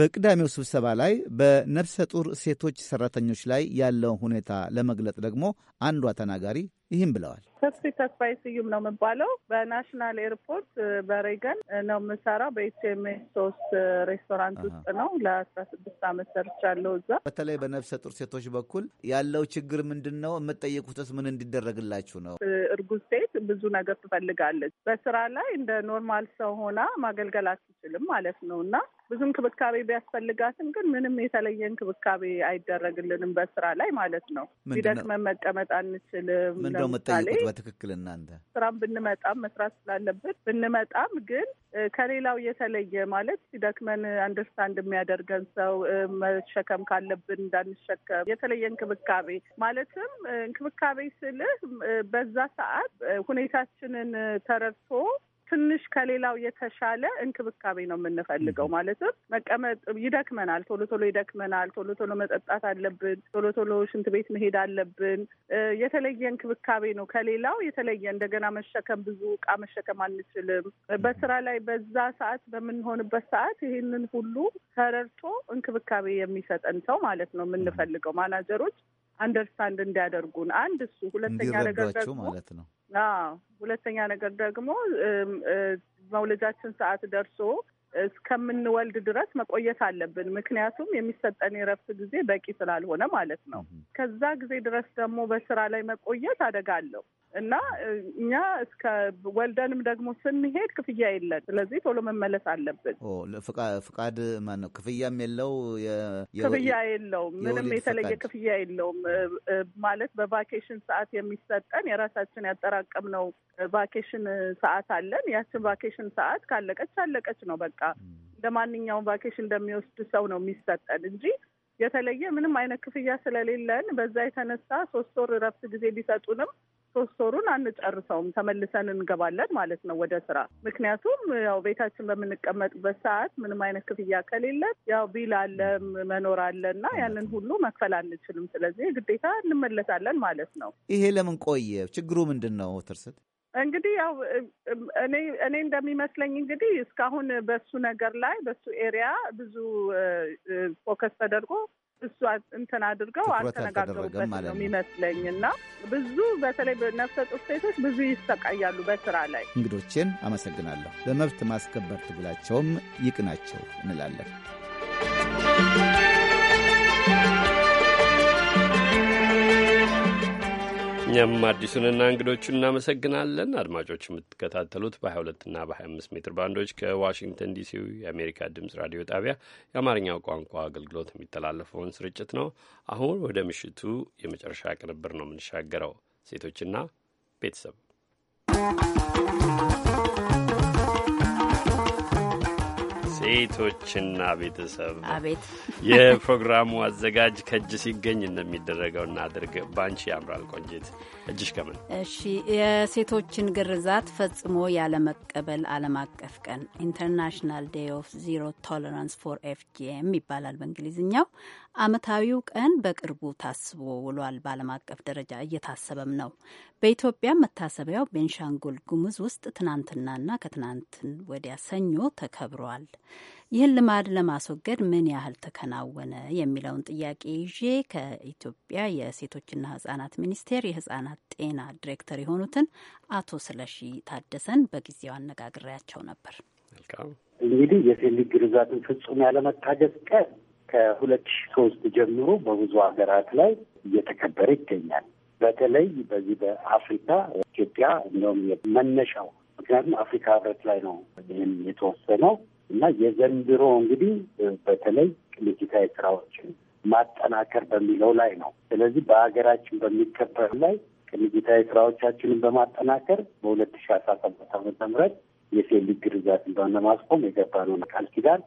በቅዳሜው ስብሰባ ላይ በነፍሰ ጡር ሴቶች ሰራተኞች ላይ ያለውን ሁኔታ ለመግለጽ ደግሞ አንዷ ተናጋሪ ይህም ብለዋል። ተስፊ ተስፋይ ስዩም ነው የምባለው። በናሽናል ኤርፖርት በሬገን ነው የምሰራው። በኤችኤምኤስ ሶስት ሬስቶራንት ውስጥ ነው ለአስራ ስድስት አመት ሰርቻለሁ እዛ። በተለይ በነፍሰ ጡር ሴቶች በኩል ያለው ችግር ምንድን ነው? የምጠየቁትስ ምን እንዲደረግላችሁ ነው? እርጉዝ ሴት ብዙ ነገር ትፈልጋለች። በስራ ላይ እንደ ኖርማል ሰው ሆና ማገልገል አትችልም ማለት ነው እና ብዙ እንክብካቤ ቢያስፈልጋትም ግን ምንም የተለየ እንክብካቤ አይደረግልንም። በስራ ላይ ማለት ነው። ሲደክመን መቀመጥ አንችልም። ምንድነው የምጠይቁት በትክክል እናንተ? ስራም ብንመጣም መስራት ስላለብን ብንመጣም ግን ከሌላው የተለየ ማለት ሲደክመን አንደርስታንድ የሚያደርገን ሰው መሸከም ካለብን እንዳንሸከም የተለየ እንክብካቤ ማለትም እንክብካቤ ስልህ በዛ ሰዓት ሁኔታችንን ተረድቶ ትንሽ ከሌላው የተሻለ እንክብካቤ ነው የምንፈልገው። ማለትም መቀመጥ ይደክመናል፣ ቶሎ ቶሎ ይደክመናል፣ ቶሎ ቶሎ መጠጣት አለብን፣ ቶሎ ቶሎ ሽንት ቤት መሄድ አለብን። የተለየ እንክብካቤ ነው ከሌላው የተለየ። እንደገና መሸከም ብዙ እቃ መሸከም አንችልም። በስራ ላይ በዛ ሰዓት በምንሆንበት ሰዓት ይህንን ሁሉ ተረድቶ እንክብካቤ የሚሰጠን ሰው ማለት ነው የምንፈልገው ማናጀሮች አንደርስታንድ እንዲያደርጉን አንድ እሱ ሁለተኛ ነገር ደግሞ ማለት ነው። ሁለተኛ ነገር ደግሞ መውለጃችን ሰዓት ደርሶ እስከምንወልድ ድረስ መቆየት አለብን። ምክንያቱም የሚሰጠን የረፍት ጊዜ በቂ ስላልሆነ ማለት ነው። ከዛ ጊዜ ድረስ ደግሞ በስራ ላይ መቆየት አደጋ አለው። እና እኛ እስከ ወልደንም ደግሞ ስንሄድ ክፍያ የለን። ስለዚህ ቶሎ መመለስ አለብን። ፍቃድ ማነው? ክፍያም የለው ክፍያ የለውም። ምንም የተለየ ክፍያ የለውም። ማለት በቫኬሽን ሰዓት የሚሰጠን የራሳችን ያጠራቀምነው ቫኬሽን ሰዓት አለን። ያችን ቫኬሽን ሰዓት ካለቀች አለቀች ነው በቃ። እንደ ማንኛውም ቫኬሽን እንደሚወስድ ሰው ነው የሚሰጠን እንጂ የተለየ ምንም አይነት ክፍያ ስለሌለን በዛ የተነሳ ሶስት ወር እረፍት ጊዜ ቢሰጡንም ሶስት ወሩን አንጨርሰውም፣ ተመልሰን እንገባለን ማለት ነው ወደ ስራ። ምክንያቱም ያው ቤታችን በምንቀመጥበት ሰዓት ምንም አይነት ክፍያ ከሌለን ያው ቢል አለ መኖር አለ እና ያንን ሁሉ መክፈል አንችልም። ስለዚህ ግዴታ እንመለሳለን ማለት ነው። ይሄ ለምን ቆየ? ችግሩ ምንድን ነው ትርስት? እንግዲህ ያው እኔ እኔ እንደሚመስለኝ እንግዲህ እስካሁን በሱ ነገር ላይ በሱ ኤሪያ ብዙ ፎከስ ተደርጎ እሱ እንትን አድርገው አልተነጋገሩበት ነው የሚመስለኝ እና ብዙ በተለይ ነፍሰ ጡር ሴቶች ብዙ ይሰቃያሉ በስራ ላይ። እንግዶቼን አመሰግናለሁ። በመብት ማስከበር ትግላቸውም ይቅናቸው እንላለን። Thank you. እኛም አዲሱንና እንግዶቹን እናመሰግናለን። አድማጮች የምትከታተሉት በ22 እና በ25 ሜትር ባንዶች ከዋሽንግተን ዲሲው የአሜሪካ ድምፅ ራዲዮ ጣቢያ የአማርኛው ቋንቋ አገልግሎት የሚተላለፈውን ስርጭት ነው። አሁን ወደ ምሽቱ የመጨረሻ ቅንብር ነው የምንሻገረው። ሴቶችና ቤተሰብ አቤቶችና ቤተሰብ አቤት የፕሮግራሙ አዘጋጅ ከእጅ ሲገኝ እንደሚደረገው እናድርግ። ባንቺ ያምራል ቆንጂት እጅሽ ከምን እሺ። የሴቶችን ግርዛት ፈጽሞ ያለመቀበል ዓለም አቀፍ ቀን ኢንተርናሽናል ዴይ ኦፍ ዚሮ ቶለራንስ ፎር ኤፍጂኤም ይባላል በእንግሊዝኛው። ዓመታዊው ቀን በቅርቡ ታስቦ ውሏል። በዓለም አቀፍ ደረጃ እየታሰበም ነው። በኢትዮጵያ መታሰቢያው ቤንሻንጉል ጉሙዝ ውስጥ ትናንትናና ከትናንትን ወዲያ ሰኞ ተከብሯል። ይህን ልማድ ለማስወገድ ምን ያህል ተከናወነ የሚለውን ጥያቄ ይዤ ከኢትዮጵያ የሴቶችና ህጻናት ሚኒስቴር የህጻናት ጤና ዲሬክተር የሆኑትን አቶ ስለሺ ታደሰን በጊዜው አነጋግሬያቸው ነበር። እንግዲህ የሴት ልጅ ግርዛትን ፍጹም ያለመታገስ ቀን ከሁለት ሺ ሶስት ጀምሮ በብዙ ሀገራት ላይ እየተከበረ ይገኛል። በተለይ በዚህ በአፍሪካ ኢትዮጵያ እንዲሁም መነሻው ምክንያቱም አፍሪካ ህብረት ላይ ነው ይህም የተወሰነው እና የዘንድሮ እንግዲህ በተለይ ቅንጅታዊ ስራዎችን ማጠናከር በሚለው ላይ ነው። ስለዚህ በሀገራችን በሚከበር ላይ ቅንጅታዊ ስራዎቻችንን በማጠናከር በሁለት ሺ አስራ ሰባት ዓመተ ምህረት የሴት ልጅ ግርዛትን በማስቆም የገባነውን ቃል ኪዳን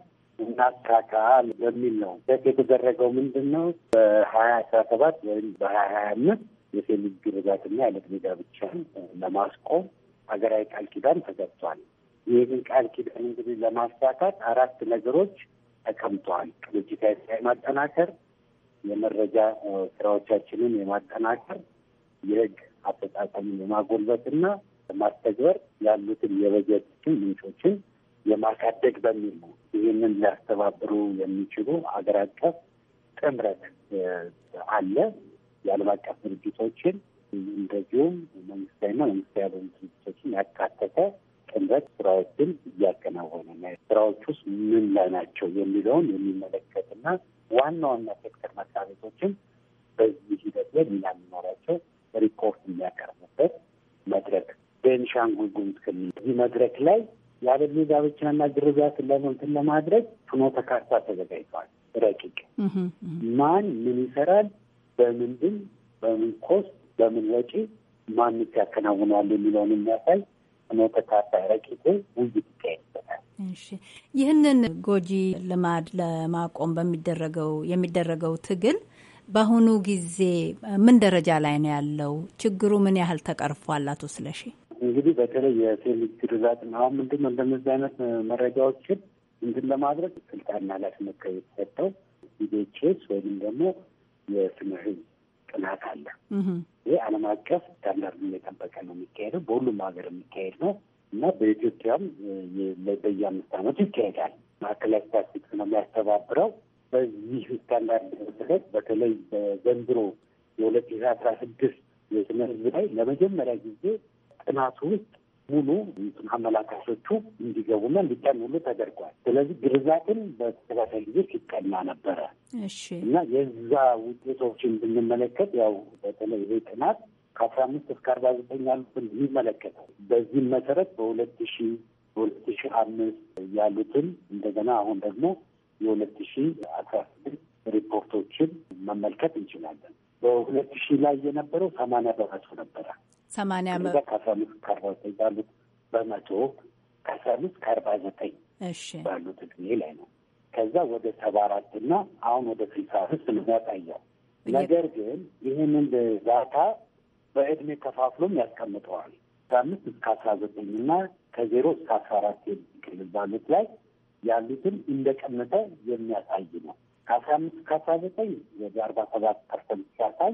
እናካካል በሚል ነው ደት የተደረገው። ምንድን ነው በሀያ አስራ ሰባት ወይም በሀያ ሀያ አምስት የሴት ልጅ ግርዛትና ያለ ዕድሜ ጋብቻን ለማስቆም ሀገራዊ ቃል ኪዳን ተገብቷል። ይህንን ቃል ኪዳን እንግዲህ ለማሳካት አራት ነገሮች ተቀምጠዋል። ቅንጅታዊ ስራ የማጠናከር፣ የመረጃ ስራዎቻችንን የማጠናከር፣ የህግ አፈጻጸምን የማጎልበትና ማስተግበር ያሉትን የበጀት ምንጮችን የማሳደግ በሚል ነው። ይህንን ሊያስተባብሩ የሚችሉ ሀገር አቀፍ ጥምረት አለ። የዓለም አቀፍ ድርጅቶችን እንደዚሁም መንግስታዊና መንግስታዊ ያልሆኑ ድርጅቶችን ያካተተ ጥምረት ስራዎችን እያከናወነ ነው። ስራዎች ውስጥ ምን ላይ ናቸው የሚለውን የሚመለከትና ዋና ዋና ሴክተር መስሪያ ቤቶችን በዚህ ሂደት ላይ ሚና የሚኖራቸው ሪፖርት የሚያቀርቡበት መድረክ ቤንሻንጉል ጉሙዝ ክልል እዚህ መድረክ ላይ የአበሌ ጋብቻና ግርዛት ለመንትን ለማድረግ ፍኖተ ካርታ ተዘጋጅተዋል። ረቂቅ ማን ምን ይሰራል፣ በምንድን በምን ኮስት፣ በምን ወጪ ማንስ ያከናውናል የሚለውን የሚያሳይ ፍኖተ ካርታ ረቂቁ ውይይት ይካሄድበታል። ይህንን ጎጂ ልማድ ለማቆም በሚደረገው የሚደረገው ትግል በአሁኑ ጊዜ ምን ደረጃ ላይ ነው ያለው? ችግሩ ምን ያህል ተቀርፏል? አቶ ስለሺ እንግዲህ በተለይ የቴሌ ግርዛትን አሁን ምንድን ነው እንደነዚህ አይነት መረጃዎችን እንትን ለማድረግ ስልጣንና ኃላፊነት ከየተሰጠው ኢቤችስ ወይም ደግሞ የስነ ጥናት አለ። ይህ ዓለም አቀፍ ስታንዳርድ እየጠበቀ ነው የሚካሄደው፣ በሁሉም ሀገር የሚካሄድ ነው እና በኢትዮጵያም በየአምስት ዓመቱ ይካሄዳል። ማዕከላዊ ስታትስቲክስ ነው የሚያስተባብረው። በዚህ ስታንዳርድ መሰረት በተለይ በዘንድሮ የሁለት ሺህ አስራ ስድስት የስነ ህዝብ ላይ ለመጀመሪያ ጊዜ ጥናቱ ውስጥ ሙሉ አመላካቾቹ እንዲገቡና እንዲጠኑሉ ተደርጓል። ስለዚህ ግርዛትን በተከታታይ ጊዜ ሲጠና ነበረ እና የዛ ውጤቶችን ብንመለከት ያው በተለይ ይሄ ጥናት ከአስራ አምስት እስከ አርባ ዘጠኝ ያሉትን የሚመለከተው በዚህም መሰረት በሁለት ሺ በሁለት ሺ አምስት ያሉትን እንደገና አሁን ደግሞ የሁለት ሺ አስራ ስድስት ሪፖርቶችን መመልከት እንችላለን። በሁለት ሺህ ላይ የነበረው ሰማንያ በመቶ ነበረ። ሰማንያ ከአስራ አምስት ከአርባ ዘጠኝ ባሉት በመቶ ከአስራ አምስት ከአርባ ዘጠኝ ባሉት እድሜ ላይ ነው። ከዛ ወደ ሰባ አራት እና አሁን ወደ ስልሳ አምስት ነው ያሳየው። ነገር ግን ይህንን ዳታ በእድሜ ከፋፍሎም ያስቀምጠዋል። ከአምስት እስከ አስራ ዘጠኝ እና ከዜሮ እስከ አስራ አራት የሚክልል ባሉት ላይ ያሉትን እንደቀመጠ የሚያሳይ ነው። ከአስራ አምስት እስከ አስራ ዘጠኝ ወደ አርባ ሰባት ፐርሰንት ሲያሳይ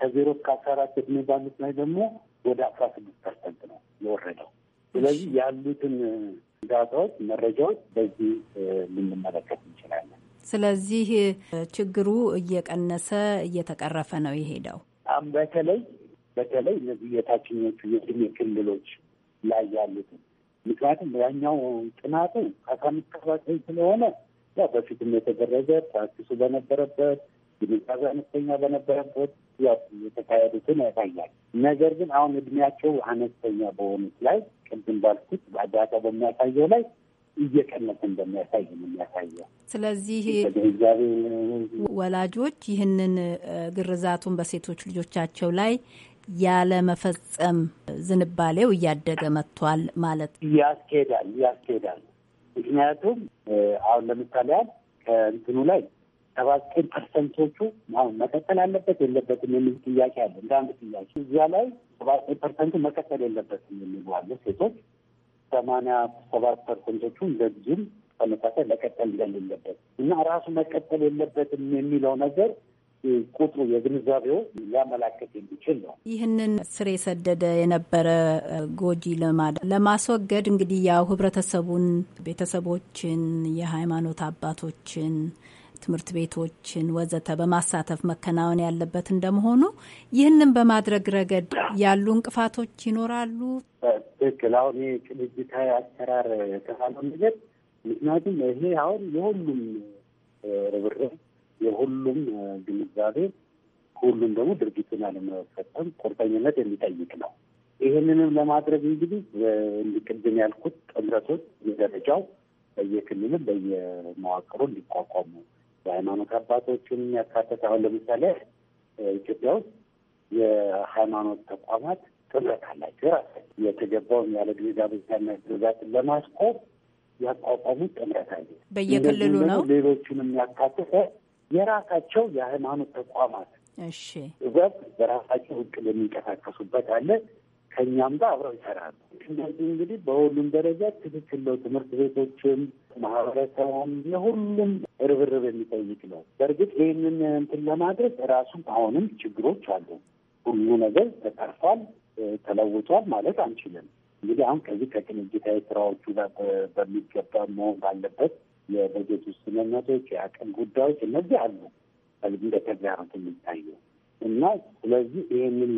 ከዜሮ እስከ አስራ አራት እድሜ ባሉት ላይ ደግሞ ወደ አስራ ስድስት ፐርሰንት ነው የወረደው። ስለዚህ ያሉትን ዳታዎች፣ መረጃዎች በዚህ ልንመለከት እንችላለን። ስለዚህ ችግሩ እየቀነሰ እየተቀረፈ ነው የሄደው። በተለይ በተለይ እነዚህ የታችኞቹ የእድሜ ክልሎች ላይ ያሉትን ምክንያቱም ያኛው ጥናቱ ከአስራ አምስት ከአስራ ዘጠኝ ስለሆነ ያው በፊትም የተደረገ ፕራክቲሱ በነበረበት ግንዛቤ አነስተኛ በነበረበት የተካሄዱትን ያሳያል። ነገር ግን አሁን እድሜያቸው አነስተኛ በሆኑት ላይ ቅድም ባልኩት በአዳታ በሚያሳየው ላይ እየቀነሰ እንደሚያሳይ ነው የሚያሳየው። ስለዚህ ወላጆች ይህንን ግርዛቱን በሴቶች ልጆቻቸው ላይ ያለመፈጸም ዝንባሌው እያደገ መጥቷል ማለት ነው። ያስኬዳል ያስኬዳል። ምክንያቱም አሁን ለምሳሌ ያህል ከእንትኑ ላይ ሰባ ዘጠኝ ፐርሰንቶቹ አሁን መቀጠል አለበት የለበትም የሚል ጥያቄ አለ። እንደ አንድ ጥያቄ እዚያ ላይ ሰባ ዘጠኝ ፐርሰንቱ መቀጠል የለበትም የሚሉ አለ። ሴቶች ሰማንያ ሰባት ፐርሰንቶቹ እንደዚህም ተመሳሳይ መቀጠል እንደሌለበት እና ራሱ መቀጠል የለበትም የሚለው ነገር ቁጥሩ የግንዛቤው ሊያመላከት የሚችል ነው። ይህንን ስር የሰደደ የነበረ ጎጂ ልማድ ለማስወገድ እንግዲህ ያው ህብረተሰቡን፣ ቤተሰቦችን፣ የሃይማኖት አባቶችን ትምህርት ቤቶችን ወዘተ በማሳተፍ መከናወን ያለበት እንደመሆኑ ይህንን በማድረግ ረገድ ያሉ እንቅፋቶች ይኖራሉ። ትክክል። አሁን ይህ ቅንጅታዊ አሰራር የተባለው ነገር ምክንያቱም ይሄ አሁን የሁሉም ርብር የሁሉም ግንዛቤ፣ ሁሉም ደግሞ ድርጊቱን አለመፈጸም ቁርጠኝነት የሚጠይቅ ነው። ይህንንም ለማድረግ እንግዲህ እንዲቅድም ያልኩት ጥምረቶች የደረጃው በየክልልም በየመዋቅሩ እንዲቋቋሙ የሃይማኖት አባቶችን ያካተተ አሁን ለምሳሌ ኢትዮጵያ ውስጥ የሃይማኖት ተቋማት ጥምረት አላቸው። የራሳቸው የተገባውን ያለ ጊዜ ጋብቻና ግዛት ለማስቆም ያቋቋሙት ጥምረት አለ። በየክልሉ ነው። ሌሎችንም ያካተተ የራሳቸው የሃይማኖት ተቋማት እሺ፣ በራሳቸው እቅድ የሚንቀሳቀሱበት አለ። ከእኛም ጋር አብረው ይሰራሉ። እነዚህ እንግዲህ በሁሉም ደረጃ ትክክል ነው። ትምህርት ቤቶችም ማህበረሰቡም የሁሉም ርብርብ የሚጠይቅ ነው። በእርግጥ ይህንን እንትን ለማድረግ ራሱም አሁንም ችግሮች አሉ። ሁሉ ነገር ተቀርፏል፣ ተለውጧል ማለት አንችልም። እንግዲህ አሁን ከዚህ ከቅንጅታዊ ስራዎቹ ጋር በሚገባ መሆን ባለበት የበጀት ውስንነቶች፣ የአቅም ጉዳዮች እነዚህ አሉ እንደ ተግዳሮት የሚታየው እና ስለዚህ ይህንን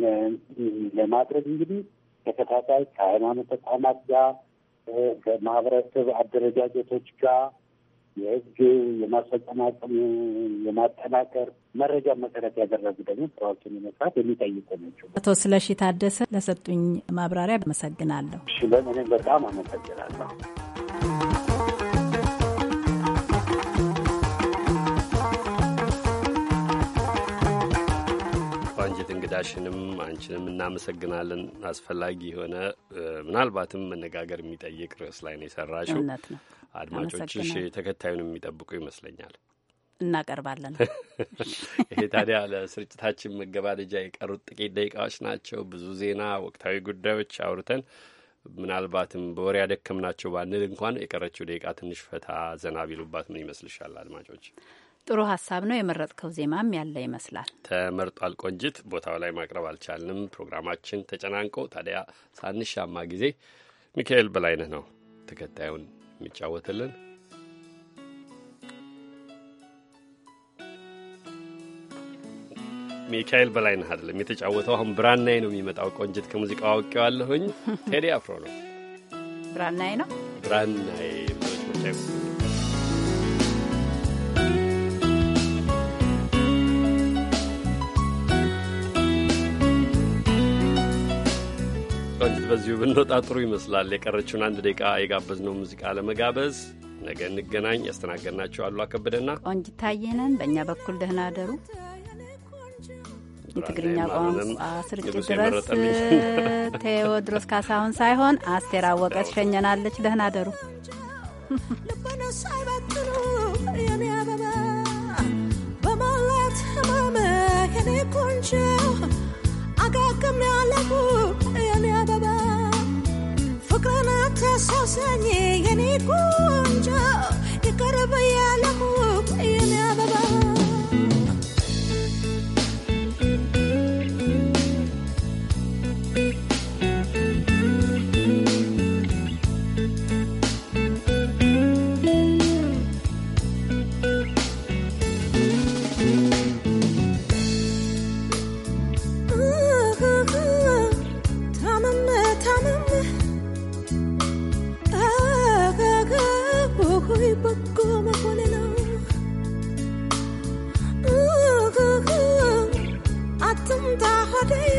ለማድረግ እንግዲህ ተከታታይ ከሃይማኖት ተቋማት ጋር ከማህበረሰብ አደረጃጀቶች ጋር የህግ የማስፈጸም አቅም የማጠናከር መረጃ መሰረት ያደረጉ ደግሞ ስራዎችን የመስራት የሚጠይቁ ናቸው። አቶ ስለሺ ታደሰ ለሰጡኝ ማብራሪያ አመሰግናለሁ። ሽለን እኔም በጣም አመሰግናለሁ። እንግዳሽንም አንቺንም እናመሰግናለን። አስፈላጊ የሆነ ምናልባትም መነጋገር የሚጠይቅ ርዕስ ላይ ነው የሰራሽው። አድማጮችሽ ተከታዩን የሚጠብቁ ይመስለኛል። እናቀርባለን። ይሄ ታዲያ ለስርጭታችን መገባደጃ የቀሩት ጥቂት ደቂቃዎች ናቸው። ብዙ ዜና፣ ወቅታዊ ጉዳዮች አውርተን ምናልባትም በወሬ ያደከምናቸው ባንል እንኳን የቀረችው ደቂቃ ትንሽ ፈታ ዘና ቢሉባት ምን ይመስልሻል አድማጮች? ጥሩ ሀሳብ ነው። የመረጥከው ዜማም ያለ ይመስላል። ተመርጧል። ቆንጅት ቦታው ላይ ማቅረብ አልቻልንም። ፕሮግራማችን ተጨናንቆ ታዲያ ሳንሻማ ጊዜ ሚካኤል በላይነህ ነው ተከታዩን የሚጫወትልን። ሚካኤል በላይነህ አይደለም የተጫወተው። አሁን ብራናይ ነው የሚመጣው። ቆንጅት ከሙዚቃው አውቄዋለሁኝ። ቴዲ አፍሮ ነው ብራናይ ነው ብራናይ በዚሁ ብንወጣ ጥሩ ይመስላል። የቀረችውን አንድ ደቂቃ የጋበዝነው ሙዚቃ ለመጋበዝ ነገ እንገናኝ። ያስተናገድናቸው አሉ አከበደና ቆንጅ ታየነን። በእኛ በኩል ደህና አደሩ። የትግርኛ ቋንቋ ስርጭት ድረስ ቴዎድሮስ ካሳሁን ሳይሆን አስቴር አወቀ ትሸኘናለች። ደህና አደሩ። በማላት ህመም የኔ ቆንጆ ያለቡ Akka soosanii gadi kun jaa eegala bayyaa lamu. melody